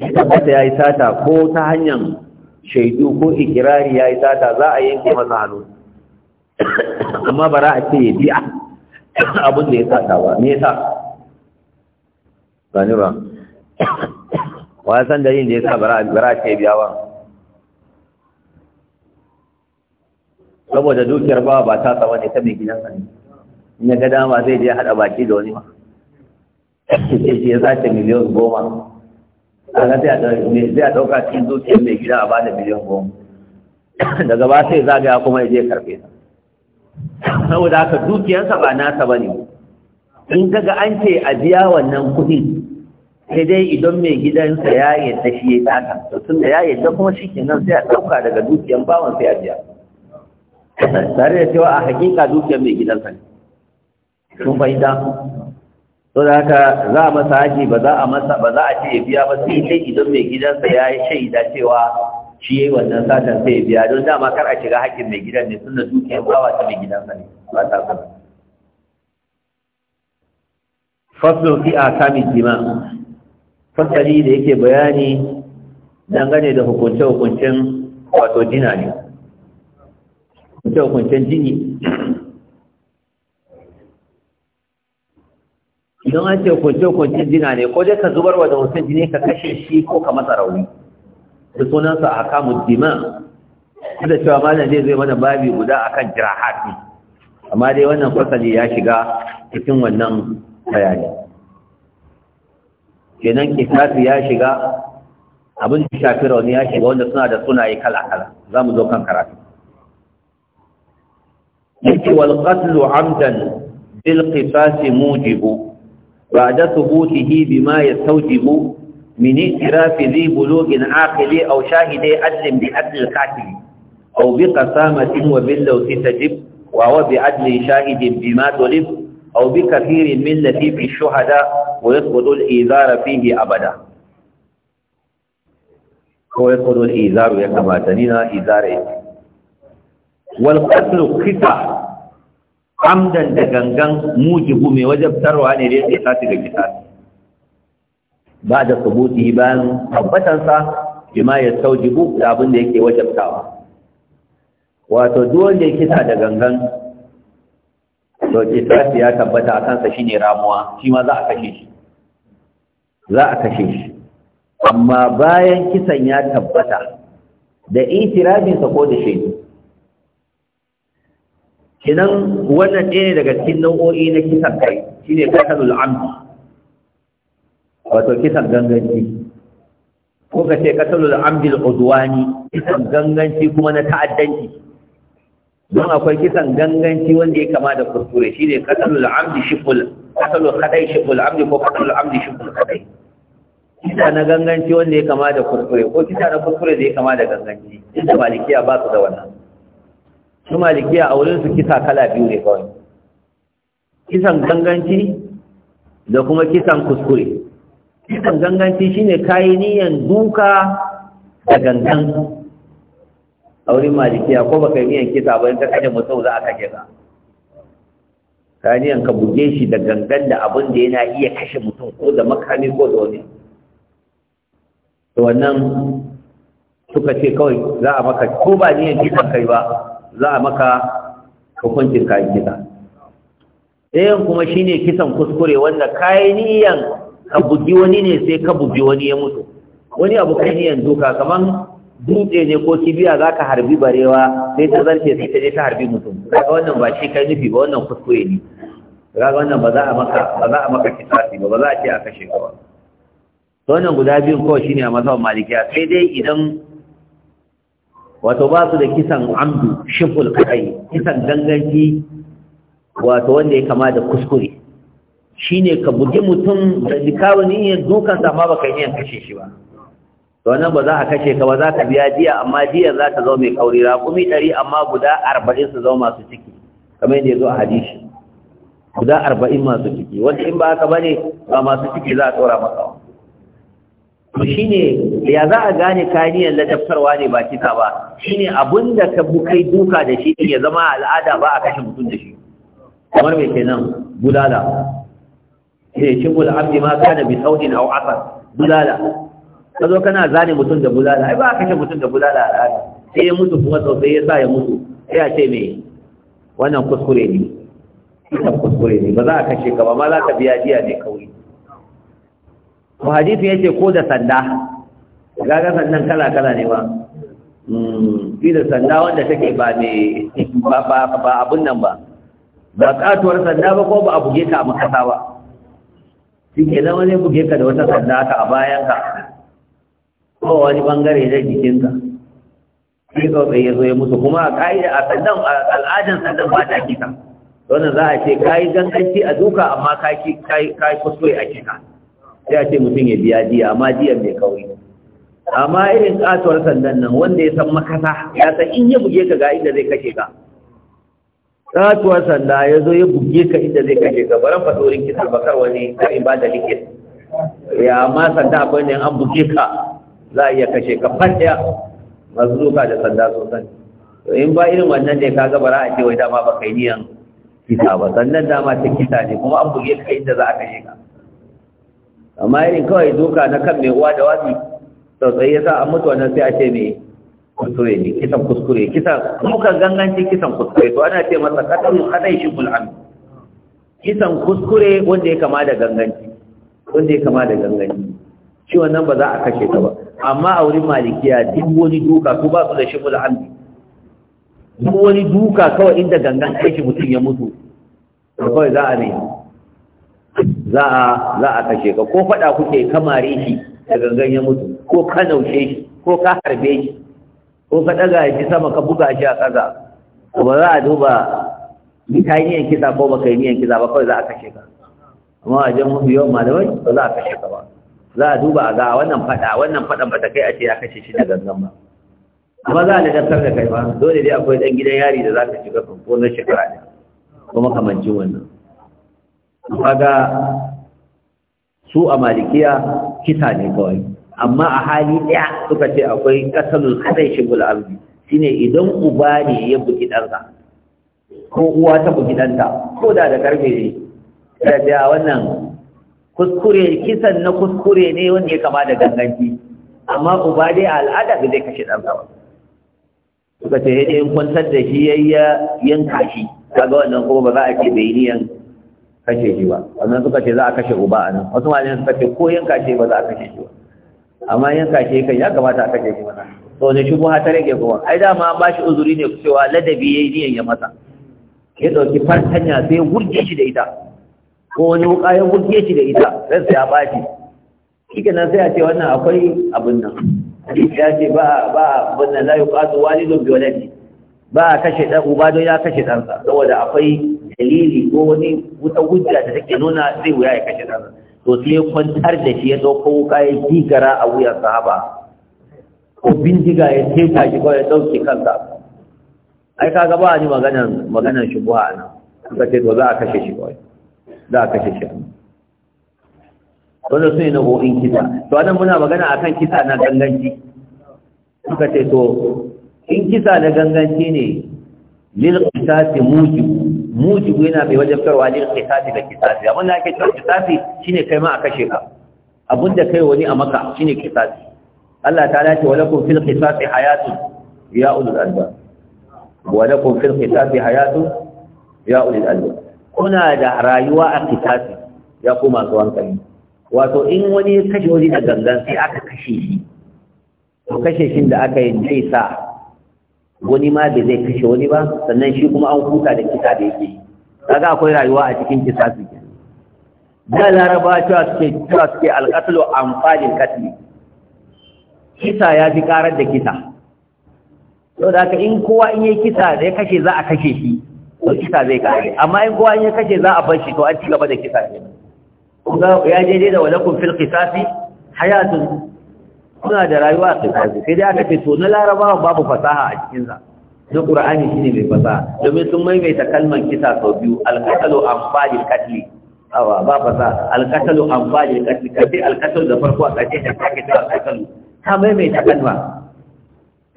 ya tabbata ya yi sata ko ta hanyar shaidu ko ikirari ya yi sata za a yanke masa hannu amma bara a ce ya biya abin da ya sata ba me yasa gani ba wa san yin da sa bara bara a ce ya biya ba saboda dukiyar ba ba ta saba ne ta mai gidansa ne in ya ga dama zai je haɗa baki da wani ma ya sace miliyan goma kaga sai a ɗauka cikin zuciyar mai gida a bada miliyan goma daga ba sai zagaya kuma ya je karfe ta saboda haka dukiyarsa ba nasa ba ne in daga an ce a biya wannan kuɗi sai dai idan mai gidansa ya yadda shi ya taka to tun da ya yadda kuma shi ke nan sai a ɗauka daga dukiyar bawan sai a biya tare da cewa a hakika dukiyar mai gidansa ne sun fahimta to da haka za a masa haji ba za a masa ba za a ce ya biya ba sai dai idan mai gidansa ya yi shaida cewa shi yayi wannan satan sai ya biya don dama kar a shiga hakkin mai gidan ne tunda dukiyar bawa ta mai gidansa ne ba ta san faslun fi akami jima fasali da yake bayani dangane da hukunce hukuncen wato jina ne hukunce hukuncen jini idan an ce kwance-kwancen jina ne ko dai ka zubar wa da mutum jini ka kashe shi ko ka masa rauni da sunansa a kamun dima da cewa malam zai zai mana babi guda akan jira haɗi amma dai wannan fasali ya shiga cikin wannan bayani kenan kisafi ya shiga abin da shafi rauni ya shiga wanda suna da sunaye kala-kala za mu zo kan karatu yake wal amdan bil qisas mujibu بعد ثبوته بما يستوجب من اعتراف ذي بلوغ عاقل أو شاهد عدل بعدل القاتل أو بقسامة وباللوث تجب وهو بعدل شاهد بما طلب أو بكثير من لتيف الشهداء ويسقط الإيذار فيه أبدا ويسقط الإيذار يكما تنينا إيذار إيه. والقتل قطع amdan da gangan mujibu mai wajabtarwa ne da ya tafi ga kita ba da subuti bayan tabbatansa bima ya saujibu da abin da yake wajabtawa wato duwan da ya kisa da gangan to kitasi ya tabbata a kansa shine ramuwa shi ma za a kashe shi za a kashe shi amma bayan kisan ya tabbata da itirabinsa ko da shaidu kenan wannan ɗaya ne daga cikin nau'o'i na kisan kai shine katalul amdi wato kisan ganganci ko ka ce katalul amdi al-udwani kisan ganganci kuma na ta'addanci don akwai kisan ganganci wanda ya kama da kuskure shi katalul amdi shiful katalul kadai shiful amdi ko katalul shi shiful kadai kisa na ganganci wanda ya kama da kuskure ko kisa na kuskure da ya kama da ganganci inda malikiya ba su da wannan su malikiya a wurin su kisa kala biyu ne kawai kisan ganganci da kuma kisan kuskure kisan ganganci shine kayi niyan duka da gangan a wurin malikiya ko baka yi niyan kisa ba ta ka kashe mutum za a kashe ba? ka niyan ka buge shi da gangan da abin da yana iya kashe mutum ko da makami ko da wani to wannan suka ce kawai za a maka ko ba niyan kisan kai ba za a maka hukuncin kayan kisa ɗayan kuma shine kisan kuskure wanda kayan niyan ka bugi wani ne sai ka bugi wani ya mutu wani abu kayan niyan duka Kamar dutse ne ko kibiya za ka harbi barewa sai ta zarce sai ta je ta harbi mutum kaga wannan ba shi kai nufi ba wannan kuskure ne kaga wannan ba za a maka ba za a maka kisasi ba ba za a ce a kashe ka ba to wannan guda biyun kawai shine a wa malikiya sai dai idan wato ba su da kisan amdu shiful kai kisan danganci, wato wanda ya kama da kuskure shine ka bugi mutum da dikawo ni ya dukan sa ma baka iya kashe shi ba to wannan ba za a kashe ka ba za ka biya jiya amma jiya za ta zo mai kauri raƙumi ɗari amma guda arba'in su zama masu ciki kamar yadda ya zo a hadisi guda arba'in masu ciki wanda in ba haka ba ne ba masu ciki za a tsora maka to shine ya za a gane kaniyar ladabtarwa ne ba kisa ba shine abun da ka bukai duka da shi ya zama al'ada ba a kashe mutum da shi kamar mai kenan bulala ne shimul abdi ma kana bi sautin aw asar bulala ka zo kana zane mutum da bulala ai ba a kashe mutum da bulala al'ada sai ya mutu kuma sosai ya sa ya mutu sai a ce mai wannan kuskure ne kuskure ne ba za a kashe ka ba ma za ka biya jiya ne kawai ko hadisi yace ko da sanda gaga sandan kala kala ne ba hmm, shi da sanda wanda take ba ne ba abun nan ba ba katuwar sanda ba ko ba a buge ka a makasa ba shi ke zama ne buge ka da wata sanda ka a bayan ka. ko wani bangare na jikinka sai ka ya zo ya musu kuma a ka'ida a sandan al'adan sandan ba ta kika wannan za a ce ka yi ganganci a duka amma ka kai kusoi a kika sai a ce mutum ya biya jiya amma jiya mai kauri amma irin katuwar sandan nan wanda ya san makasa ya san in ya buge ka ga inda zai kashe ka katuwar sanda ya zo ya buge ka inda zai kashe ka baran fadorin kisar bakar wani karin ba da likit ya amma sanda akwai ne an buge ka za a iya kashe ka fadiya masu da sanda sosai to in ba irin wannan ne ka bara a ce wai dama ba kai niyan kisa ba sannan dama ta kisa ne kuma an buge ka inda za a kashe ka amma irin kawai duka na kan mai uwa da wafi tsautsayi ya sa an mutu wannan sai a ce mai kusure ne kisan kuskure kisan muka ganganci kisan kuskure to ana ce masa kadaru kadai shi bul'am kisan kuskure wanda ya kama da ganganci wanda ya kama da ganganci shi wannan ba za a kashe ta ba amma a wurin malikiya duk wani duka su ba su da shi bul'am duk wani duka kawai inda gangan kai shi mutum ya mutu to kawai za a ne za a za a kashe ka ko faɗa kuke kamare shi da gangan ya mutu ko ka naushe shi ko ka harbe shi ko ka ɗaga shi sama ka buga shi a ƙasa ko ba za a duba ni ta yi niyan kisa ko ba ka yi niyan kisa ba kawai za a kashe ka amma a jan mafi yawan malamai ba za a kashe ka ba za a duba a ga wannan faɗa wannan faɗan ba ta kai a ce ya kashe shi da gangan ba amma za a ladabtar da kai ba dole dai akwai ɗan gidan yari da za ka shiga ko na shekara ɗaya ko makamancin wannan kaga su a malikiya kisa ne kawai amma a hali ɗaya suka ce akwai kasalul kadai shigul arzi shine idan uba ne ya buki ɗansa ko uwa ta buki ɗanta ko da da karfe ne da da wannan kuskure kisan na kuskure ne wanda ya kama da ganganci amma uba dai al'ada ba zai kashe ɗansa ba suka ce ɗin kwantar da shi ya yanka shi kaga wannan kuma ba za a ce bai niyan kashe shi ba wannan suka ce za a kashe uba a nan wasu malamai suka ce ko yanka shi ba za a kashe shi ba amma yanka shi kai ya kamata a kashe shi mana to ne shi buha ta rage kuma ai dama ba shi uzuri ne cewa ladabi yayi niyan ya masa ya dauki fartanya sai wurge shi da ita ko wani wuka ya wurge shi da ita sai sai ya bashi shike nan sai a ce wannan akwai abun nan ya ce ba ba wannan la yuqatu walidun bi waladi ba a kashe ɗan uba don ya kashe ɗansa saboda akwai dalili ko wani wuta hujja da take nuna zai wuya ya kashe ɗansa to sai kwantar da shi ya ɗauko wuka ya gigara a wuyan sahaba ko bindiga ya teka shi ko ya ɗauke kansa ai ka ga ba ni maganan maganan buha nan suka ce to za a kashe shi kawai za a kashe shi wanda su ne na ho'in kisa to anan muna magana akan kisa na ganganci suka ce to in kisa da ganganci ne lil qisasi mujib mujib yana bai wajabtarwa lil qisasi da qisasi amma na ke cewa qisasi shine kai ma a kashe ka da kai wani a maka shine qisasi Allah ta ce wa lakum fil qisasi hayatu ya ulul albab wa lakum fil qisasi hayatu ya ulul albab kuna da rayuwa a qisasi ya kuma su hankali wato in wani kashe wani da gangan sai aka kashe shi to kashe shin da aka yi zai sa wani ma da zai kashe wani ba sannan shi kuma an huta da kisa da yake kaga akwai rayuwa a cikin kisa su ke da laraba cewa suke cewa suke alƙatulu amfanin katli kisa ya fi karar da kisa To da haka in kowa in yi kisa da ya kashe za a kashe shi to kisa zai kare amma in kowa in ya kashe za a bar shi to an ci gaba da kisa ne kuma ya daidai da walakun fil qisasi hayatun suna da rayuwa a tsakanin sai dai aka ce to na larabawa babu fasaha a cikinsa na ƙura'ani shine mai fasaha domin sun maimaita kalman kisa sau biyu alkatalo amfani katli awa ba fasaha alkatalo amfani katli kafi alkatalo da farko a ƙarshe da kake ta alkatalo ta maimaita kalma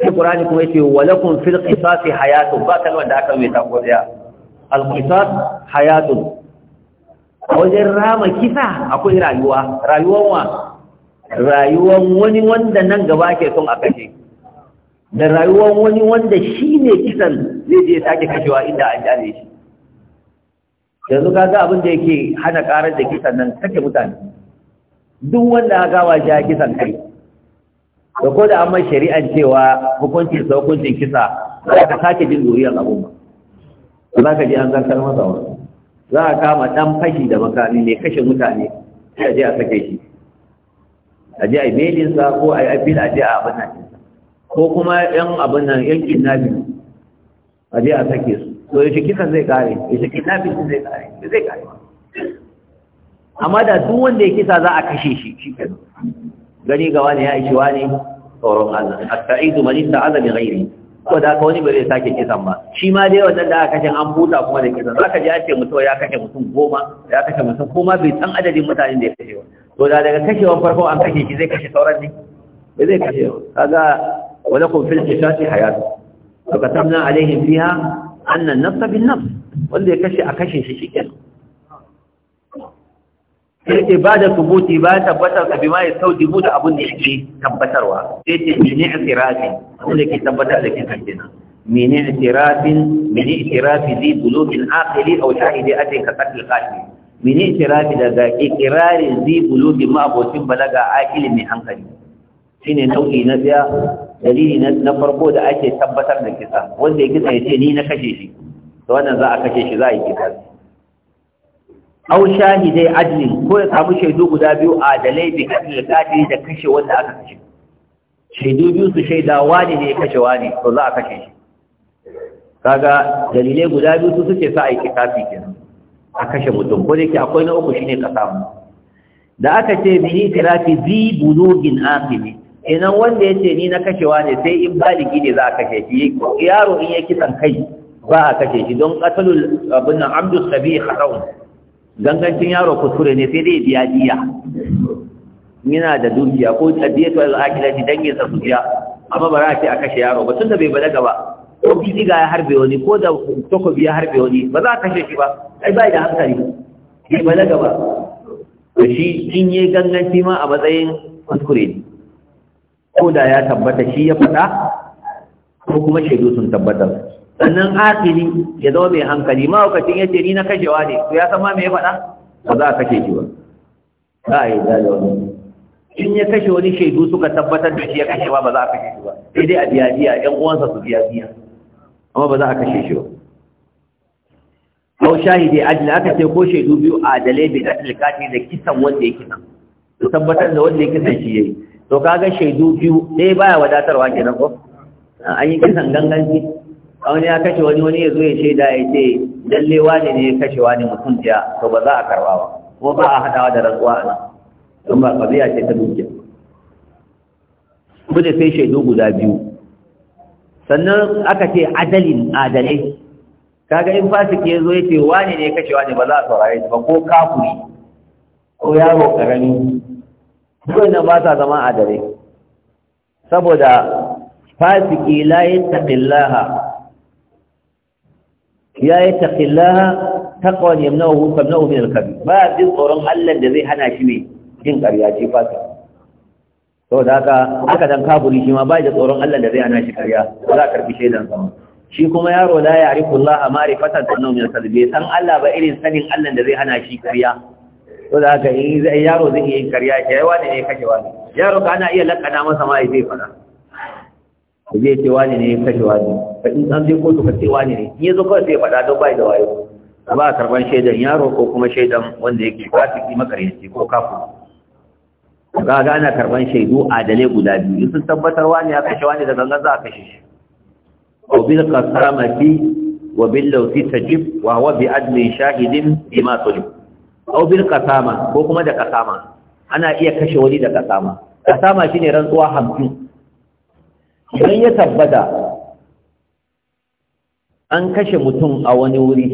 sai ƙura'ani kuma yace walakun fil qisasi hayatun ba kalman da aka maimaita ko daya al qisas hayatun a wajen rama kisa akwai rayuwa rayuwan wa rayuwar wani wanda nan gaba ke son a kashe da rayuwar wani wanda shi ne kisan zai je sake kashewa inda an jane shi yanzu ga abin da yake hana karar da kisan nan sake mutane duk wanda aka gawa shi ya kisan kai da ko da amma shari'an cewa hukuncin sa hukuncin kisa za ka sake jin zuriyar abun ba za ka je an zartar masa wani za a kama dan fashi da makami mai kashe mutane sai je a sake shi a je a belin sa ko a yi abin a je a abin nan ko kuma yan abin nan yan kidnapping a je a sake su to yaushe kisa zai kare yaushe kidnapping zai kare zai kare amma da duk wanda ya kisa za a kashe shi shi kenan gani ga wani ya ishi wani tsoron Allah as-sa'idu man ista'aza bi ghairi ko da kawai bai zai sake kisan ba shi ma dai wannan da aka kashe an buta kuma da kisan zaka ji ake mutuwa ya kashe mutum goma ya kashe mutum kuma bai san adadin mutanen da ya kashe to da daga kashewan farko an kashe shi zai kashe sauran ne ba zai kashe kaga wala kun fil qisasi hayat to katamna alaihim fiha anna an-nafs bin nafs wanda ya kashe a kashe shi shikenan yake ba da subuti ba tabbatar da ma ya sauji mu da abin da yake tabbatarwa sai ce mene itirafi abin da ke tabbatar da kisan kenan mene itirafin mene itirafi zai bulugin akili a wata ide ce ka katil kashi mene itirafi daga ikirarin zai bulugin ma'abocin balaga a akili mai hankali ne nau'i na biya dalili na farko da ake tabbatar da kisa wanda ya kisa ya ce ni na kashe shi to wannan za a kashe shi za a yi kisa aw shahidai adli ko ya samu shaidu guda biyu a dalai bi katil qadi da kashe wanda aka kashe shaidu biyu su shaida wani ne kashe wani to za a kashe shi kaga dalilai guda biyu su suke sa aiki kafi kenan a kashe mutum ko dake akwai na uku shine ka samu da aka ce bihi tirafi bi bulugin aqili idan wanda yace ni na kashewa ne sai in baligi ne za a kashe shi yaro in yake kisan kai ba a kashe shi don qatalul abun nan abdus sabi khata'un gangancin yaro kuskure ne sai dai biya diya yana da dukiya ko tsadiyatu al-akilati dangin sa su biya amma ba za a ce a kashe yaro ba tunda bai balaga ba ko bidiga ya harbe wani ko da takobi ya harbe wani ba za a kashe shi ba ai bai da hankali bai balaga ba to shi in yi ganganci ma a matsayin kuskure ne ko da ya tabbata shi ya faɗa ko kuma shaidu sun tabbatar sannan asili ya zama mai hankali mahaukacin ya ce ni na kashewa ne to ya san ma me ya faɗa ba za a kashe shi ba za a yi zalo in ya kashe wani shaidu suka tabbatar da shi ya kashe ba ba za a kashe shi ba sai dai a biya biya ƴan uwansa su biya biya amma ba za a kashe shi ba ko shahidi adil aka ce ko shaidu biyu a adalai bi qatl kati da kisan wanda ya kisan su tabbatar da wanda ya kisan shi yayi to kaga shaidu biyu dai baya wadatarwa kenan ko an yi kisan ganganci a wani ya kashe wani wani ya zo ya shaida ya ce lalle wani ne ya kashe wani mutum ya to ba za a karba ba ko ba a hadawa da rantsuwa a nan don ba ƙabiya ce ta dukiya kuma da sai shaidu guda biyu sannan aka ce adalin adale kaga in fasik ya zo ya ce wani ne ya kashe wani ba za a saurare shi ba ko kafuri ko yaro karami kawai nan ba sa zama adale. saboda fasiki la yattaqillaha ya yi taqillaha taqwa yamnahu kamnahu min al-kabir ba jin tsoron Allah da zai hana shi ne jin ƙarya ce fasa da haka aka dan kafuri shi ma ba da tsoron Allah da zai hana shi ƙarya ba za a karbi shaidan sa shi kuma yaro la ya'rifu Allah ma'rifatan kamnahu min al-kabir san Allah ba irin sanin Allah da zai hana shi ƙarya to da haka in yaro zai yi karya ke yawa ne ne kake wani yaro ka ana iya lakana masa ma zai fara ku je ce wani ne ya kashe wani ka in an je kotu ka ce wani ne in ya zo kawai sai faɗa don bai da wayo ba a karɓar shaidan yaro ko kuma shaidan wanda yake fasiki makarinci ko kafu ga ga ana karban shaidu adalai guda biyu in sun tabbatar wani ya kashe wani da gangan za a kashe shi ko bil qasamati wa bil lawti tajib wa huwa bi adli shahidin bima tulib aw bil kasama ko kuma da kasama ana iya kashe wani da kasama kasama shine rantsuwa hamsin idan ya tabbata an kashe mutum a wani wuri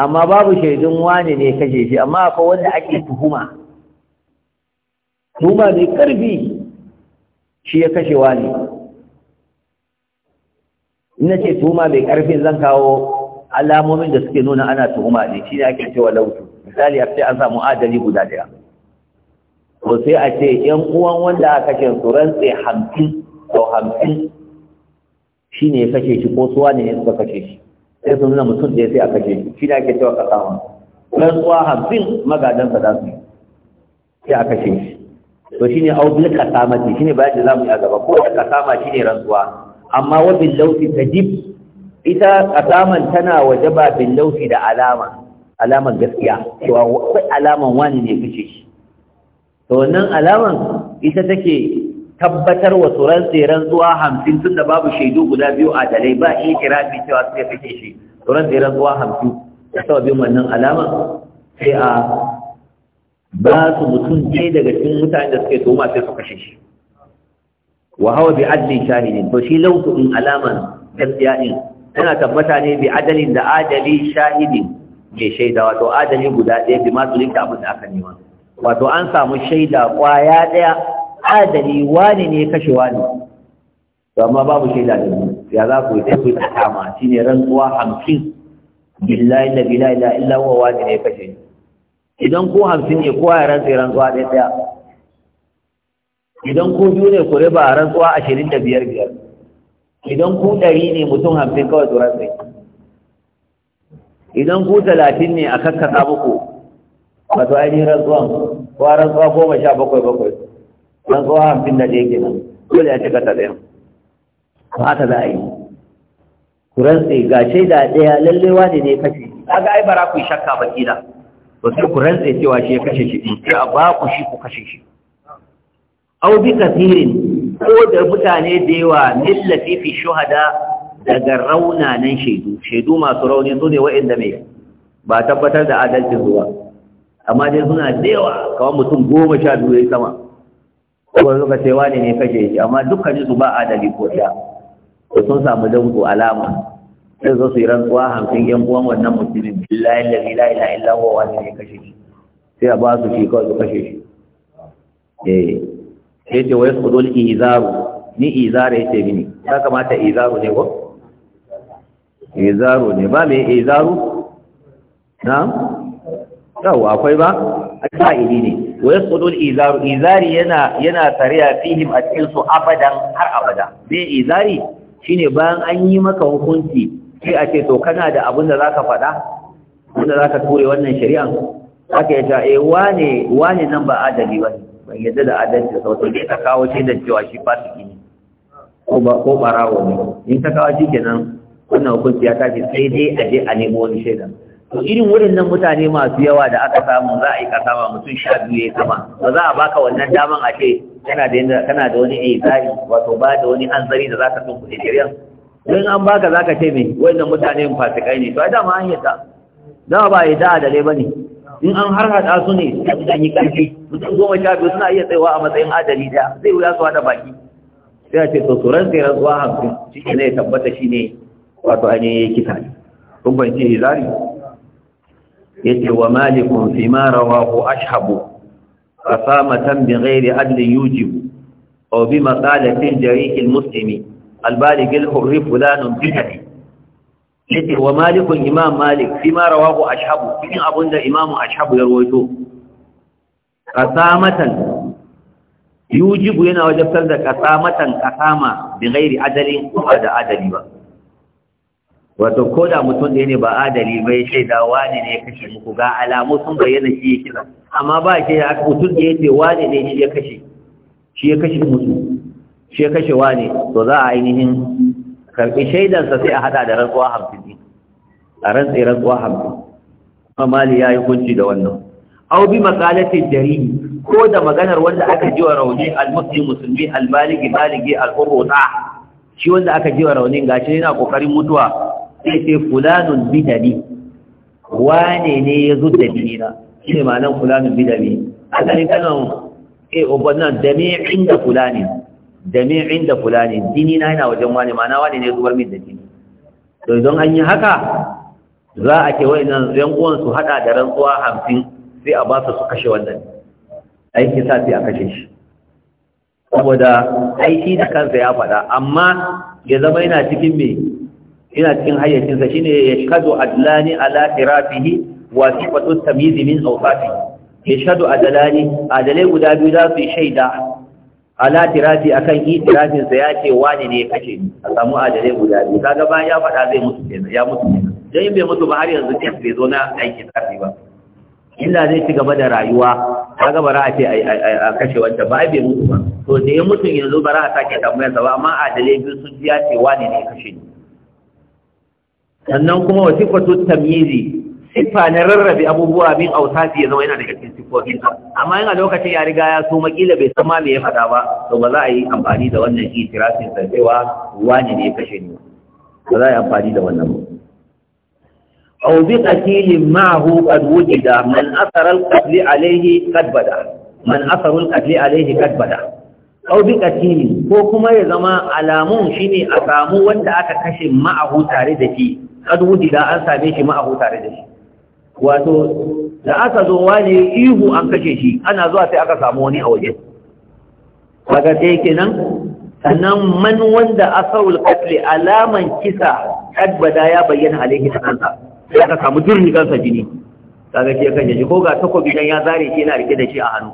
amma babu shaidun wane ne kashe shi amma ko wanda ake tuhuma tuhuma mai karfi shi ya kashe wane ina ce tuhuma mai karfi zan kawo alamomin da suke nuna ana tuhuma ne shi ne ake cewa lautu misali a ce an samu adali guda daya ko sai a ce yan uwan wanda aka kashe su rantse hamsin ko hamsin shi ne ya kashe shi ko suwa ne suka kashe shi sai sun nuna mutum da ya sai a kashe shi shi ne ake cewa ɗan rantsuwa hamsin magadansa za su yi sai a kashe shi to shi shine aubil kasama ce ne bayan da mu yi a gaba ko da kasama ne rantsuwa amma wa bil ta tajib ita kasaman tana wajaba bin lawfi da alama alaman gaskiya cewa akwai alaman wani ne kice shi to wannan alaman ita take tabbatar wa tsoron tseren zuwa hamsin tun da babu shaidu guda biyu a dalai ba iya kira mai cewa suka kashe shi tsoron tseren zuwa hamsin da sababin wannan alama sai a ba su mutum ɗaya daga cikin mutane da suke toma sai su kashe shi wa hawa bi adlin shahidi to shi lauku in alaman gaskiya din tana tabbata ne bi adalin da adali shahidi ke shaida wato adali guda ɗaya bi su linka abin da aka nema wato an samu shaida kwaya ɗaya adali wani ne kashe wani to amma babu shi da mu ya za ku ta ku ta kama shine rantsuwa hamsin billahi la ilaha illa illa huwa wani ne kashe ni idan ko hamsin ne kowa ya rantsa rantsuwa ɗaya ɗaya idan ko biyu ne ku riba rantsuwa ashirin da biyar biyar idan ku ɗari ne mutum hamsin kawai su rantsa idan ku talatin ne a kakkasa muku wato ainihin rantsuwan ko rantsuwa goma sha bakwai bakwai don tsawo hamsin da ɗaya nan. dole ya cika ta ɗaya ba ta za a yi ku rantse ga shaida ɗaya lallai ne ne kashe ga ai bara ku shakka ba kila to sai ku rantse cewa shi ya kashe shi in a ba ku shi ku kashe shi au bi kafirin ko da mutane da yawa millati fi shuhada daga raunanan shaidu shaidu masu rauni su ne wa'inda mai ba tabbatar da adalcin zuwa amma dai suna da yawa kamar mutum goma sha biyu ya sama ko suka ce wani ne kashe shi amma dukkan su ba adali ko ɗaya to sun samu danko alama sai zo su yi rantsuwa hamsin yan uwan wannan mutumin billahi la ilaha illa illa wani ne kashe shi sai a ba su shi kawai su kashe shi eh sai ce wai su dole izaru ni izara yace mini ya kamata izaru ne ko izaru ne ba mai izaru na yau akwai ba a ta'idi ne wa yasqutu al-izaru izari yana yana tsariya fihim a cikin su abadan har abada me izari shine bayan an yi maka hukunci sai a ce to kana da abin da zaka faɗa wanda zaka ture wannan shari'an aka yi ta eh wane wane nan ba adali ba ban yadda da adalci sau to dai ka kawo shi da cewa shi fasiki ne ko ba ko barawo ne in ta kawo shi kenan wannan hukunci ya tafi sai dai a je a nemo wani shaidan to irin waɗannan mutane masu yawa da aka samu za a yi ka sama mutum sha biyu ya sama ba za a baka wannan daman a ce kana da yanda kana da wani izari wato ba da wani anzari da ka tun kuɗi shari'a don an baka ka ce mai waɗannan mutane fasikai ne to ai dama an yadda dama ba yi da ba bane in an har hada su ne sai an yi ƙarfi mutum goma sha biyu suna iya tsayawa a matsayin adali ɗaya zai wuya su haɗa baki sai a ce to tsoron sai rantsuwa hamsin shi ne tabbata shi ne wato ainihin ya yi kisa ne kun fahimci izari yace wa malikun fi ma rawahu ashabu qasamatan bighairi adli yujibu aw bi maqalatin jarih almuslimi albaligh alhurri fulanun yace wa malikun imam malik fi ma rawahu abunda ya rawaito yujibu yana wajabtar da kasamatan kasama bi ghairi adalin ba da adali ba wato ko da mutum ɗaya ne ba adali bai shaida wani ne ya kashe muku ga alamu sun bayyana shi ya kira. amma ba shi ya mutum ɗaya ce wani ne shi ya kashe shi ya kashe mutu shi ya kashe wani to za a ainihin karɓi shaidansa sai a haɗa da rantsuwa hamsin ne a rantsi rantsuwa hamsin mamali ya yi kunci da wannan aw bi makalatin jariri ko da maganar wanda aka ji wa rauni al-muslim musulmi al-baligi baligi al-qurra shi wanda aka ji wa raunin gashi yana kokarin mutuwa sai sai fulanun bidali wane ne ya zo da dinina shi ne ma'anar fulanun bidali asalin kanan eh, e obannan dami inda fulani dami inda fulani dinina yana wajen wane ma'ana wane ne zubar min da dini to idan an yi haka za a ce wa'annan yan uwan su hada da rantsuwa hamsin sai a ba su su kashe wannan aiki sa sai a kashe shi saboda aiki da kansa ya faɗa amma ya zama yana cikin mai ina cikin hayyacinsa shine yashhadu adlani ala irafihi wa sifatu tamyiz min awsati yashhadu adlani adalai guda biyu za su shaida ala tirafi akan itirafin sa ya ce wani ne kace a samu adalai guda biyu kaga bayan ya faɗa zai mutu kenan ya mutu kenan dan in bai mutu ba har yanzu ce bai zo na aikin tsafi ba illa zai ci gaba da rayuwa kaga bara a ce a kashe wanda ba ai bai mutu ba to da ya mutu yanzu bara a sake tambayar sa ba amma adalai biyu sun ji ya ce wani ne kashe ni sannan kuma wa sifatu tamyizi siffa na rarrabe abubuwa min ausafi ya zama yana daga cikin siffofin ka amma yana lokacin ya riga ya so makila bai san ma me ya faɗa ba to ba za a yi amfani da wannan itirafin da cewa wani ne ya kashe ni ba za a yi amfani da wannan ba aw bi qatilin ma'ahu qad wujida man athara al-qatl alayhi qad bada man athara al-qatl alayhi qad bada aw bi qatilin ko kuma ya zama alamun shine a samu wanda aka kashe ma'ahu tare da shi kad da an same shi ma'ahu tare da shi wato da aka zo wane ihu an kashe shi ana zuwa sai aka samu wani a waje kaga teke nan, sannan man wanda asawul katle alaman kisa kad ya bayyana alaihi kansa sai aka samu jirgin kansa jini kaga shi kan shi, ko ga takobi dan ya zare shi yana rike da shi a hannu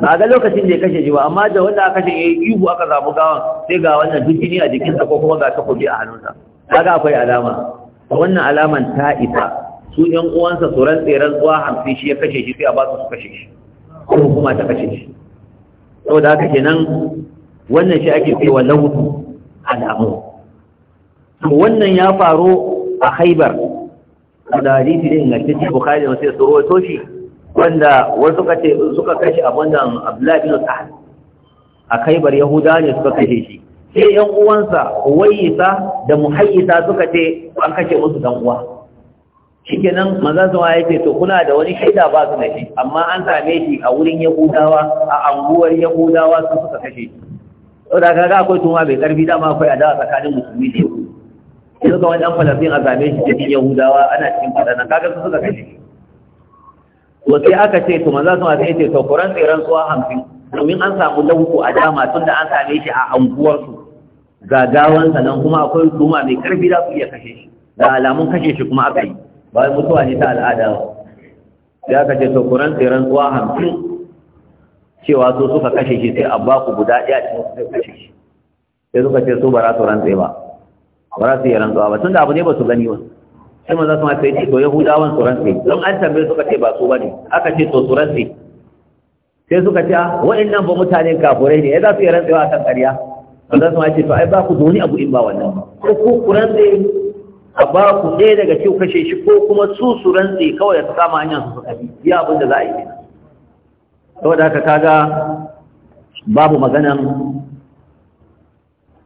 ba ga lokacin da ya kashe jiwa amma da wanda aka kashe yi ihu aka samu gawan sai ga wannan duk jini a jikinsa ko kuma ga takobi a hannunsa kaga akwai alama a wannan alaman ta isa su ɗan uwansa su rantse zuwa hamsin shi ya kashe shi sai a ba su su kashe shi ko kuma ta kashe shi saboda haka kenan wannan shi ake cewa lautu alamu to wannan ya faru a haibar da hadisi ne ingantacce bukhari masu sai su rawaito shi wanda wasu suka ce suka kashe abundan abdullahi bin sa'ad a khaybar yahuda ne suka kashe shi sai yan uwansa wayisa da muhayyisa suka ce an kashe musu dan uwa shikenan maza sama ya ce to kuna da wani shaida ba su da shi amma an same shi a wurin yahudawa a anguwar yahudawa su suka kashe shi saboda kaga akwai tuma bai karfi dama akwai a dawa tsakanin musulmi da yahudu sai suka wani dan falafin a same shi cikin yahudawa ana cikin fadana kaga su suka kashe shi to sai aka ce to maza sama sai ya ce to kuran tseren tsuwa hamsin domin an samu lauku a dama tun da an same shi a anguwarsu ga nan kuma akwai hukuma mai karfi za su iya kashe shi da alamun kashe shi kuma aka yi bayan mutuwa ne ta al'ada sai aka ce saukuran tseren tsuwa hamsin cewa so suka kashe shi sai abba ku guda ɗaya cikin suka kashe shi sai suka ce su ba za su rantse ba ba za su yi rantsuwa ba tunda abu ne ba su gani ba sai maza su sai ce to yahudawan su rantse don an tambaye suka ce ba su ba ne aka ce to su rantse sai suka ce ah, waɗannan ba mutanen kafurai ne ya za su yi rantsewa a kan ƙarya Allah sama ce to ai ba ku da wani abu in ba wannan ko ku kurantse a ba ku ɗaya daga ciwo kashe shi ko kuma su su rantse kawai su kama hanyar su suka bi ya abin da za a yi saboda haka kaga babu maganan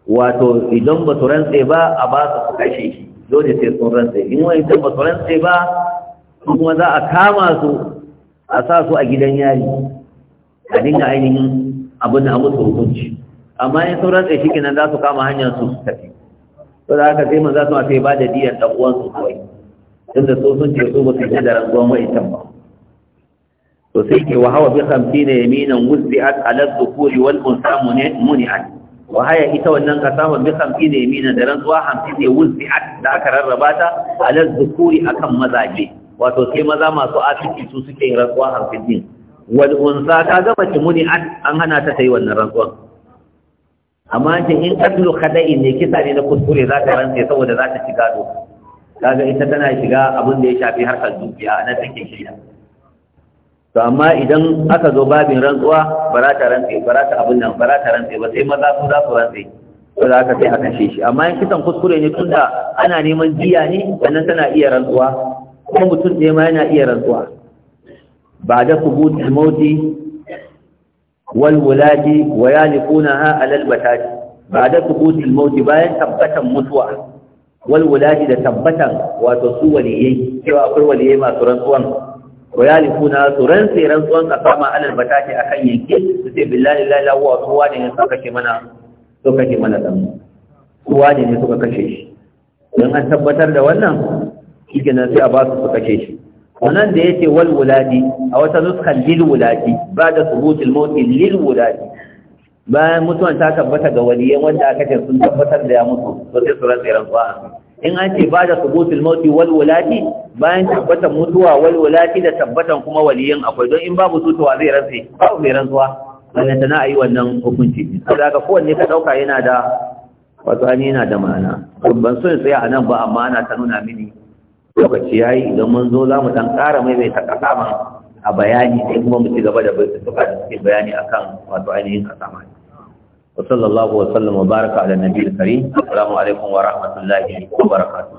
wato idan ba su rantse ba a ba su su kashe shi dole sai sun zai in wani idan ba su rantse ba kuma za a kama su a sa su a gidan yari a dinga ainihin abin da a musu hukunci amma in sauran tsaye shi kenan za su kama hanyar su su tafi to da aka sai maza su a sai ba da diyar ɗan uwan su kawai tunda so sun ce so ba su yi da rantsuwan wa'incan ba to sai ke wa hawa bi khamsina yaminan wuzbi'at ala dhukuri wal unsa muni'at wa haya ita wannan kasama bi khamsina yaminan da rantsuwa hamsin ne at da aka rarraba ta ala dhukuri akan mazaje wato sai maza masu asiki su suke rantsuwa 50 din wal unsa ka ga mace at an hana ta yi wannan rantsuwan amma ta in qatlu khada'i ne kisa ne na kuskure za ta rantse saboda za ta shiga do kaga ita tana shiga abin da ya shafi harkar dukiya na take shiga to amma idan aka zo babin rantsuwa ba za ta rantse ba za ta abin nan ba za ta rantse ba sai maza su za su rantse ko za ka sai a kashe shi amma in kisan kuskure ne tunda ana neman jiya ne sannan tana iya rantsuwa kuma mutum ne ma yana iya rantsuwa ba da subutul mauti walwulati wa yalikunaha alal batat ba'da thubuti al-maut bayan tabbatan mutuwa walwulati da tabbatan wato su waliyai cewa akwai waliyai masu rantsuwan wa yalikunaha turan sai rantsuwan ka kama alal batat akan yake su sai billahi la ilaha illa huwa ne su kace mana su kace mana dan su wani ne suka kashe shi dan an tabbatar da wannan kike nan sai a ba su su kace shi wannan da yace wal wuladi a wata nuskan lil wuladi ba da subutul maut lil wuladi bayan mutuwan ta tabbata ga waliyan wanda aka ce sun tabbatar da ya mutu to sai su rantsa zuwa. in an ce ba da subutul maut wal wuladi bayan tabbatan mutuwa wal wuladi da tabbatan kuma waliyan akwai don in babu su zai rantsa ba mai rantsuwa wannan tana ayi wannan hukunci saboda haka kowanne ka dauka yana da wato an yana da ma'ana ban so in tsaya a nan ba amma ana ta nuna mini lokaci ya yi idan mun zo za mu ɗan ƙara mai mai ma a bayani sai kuma mu ci gaba da bai suka da suke bayani akan wato ainihin kasama wa sallallahu wa sallam wa baraka ala nabi karim assalamu alaikum wa rahmatullahi wa barakatuh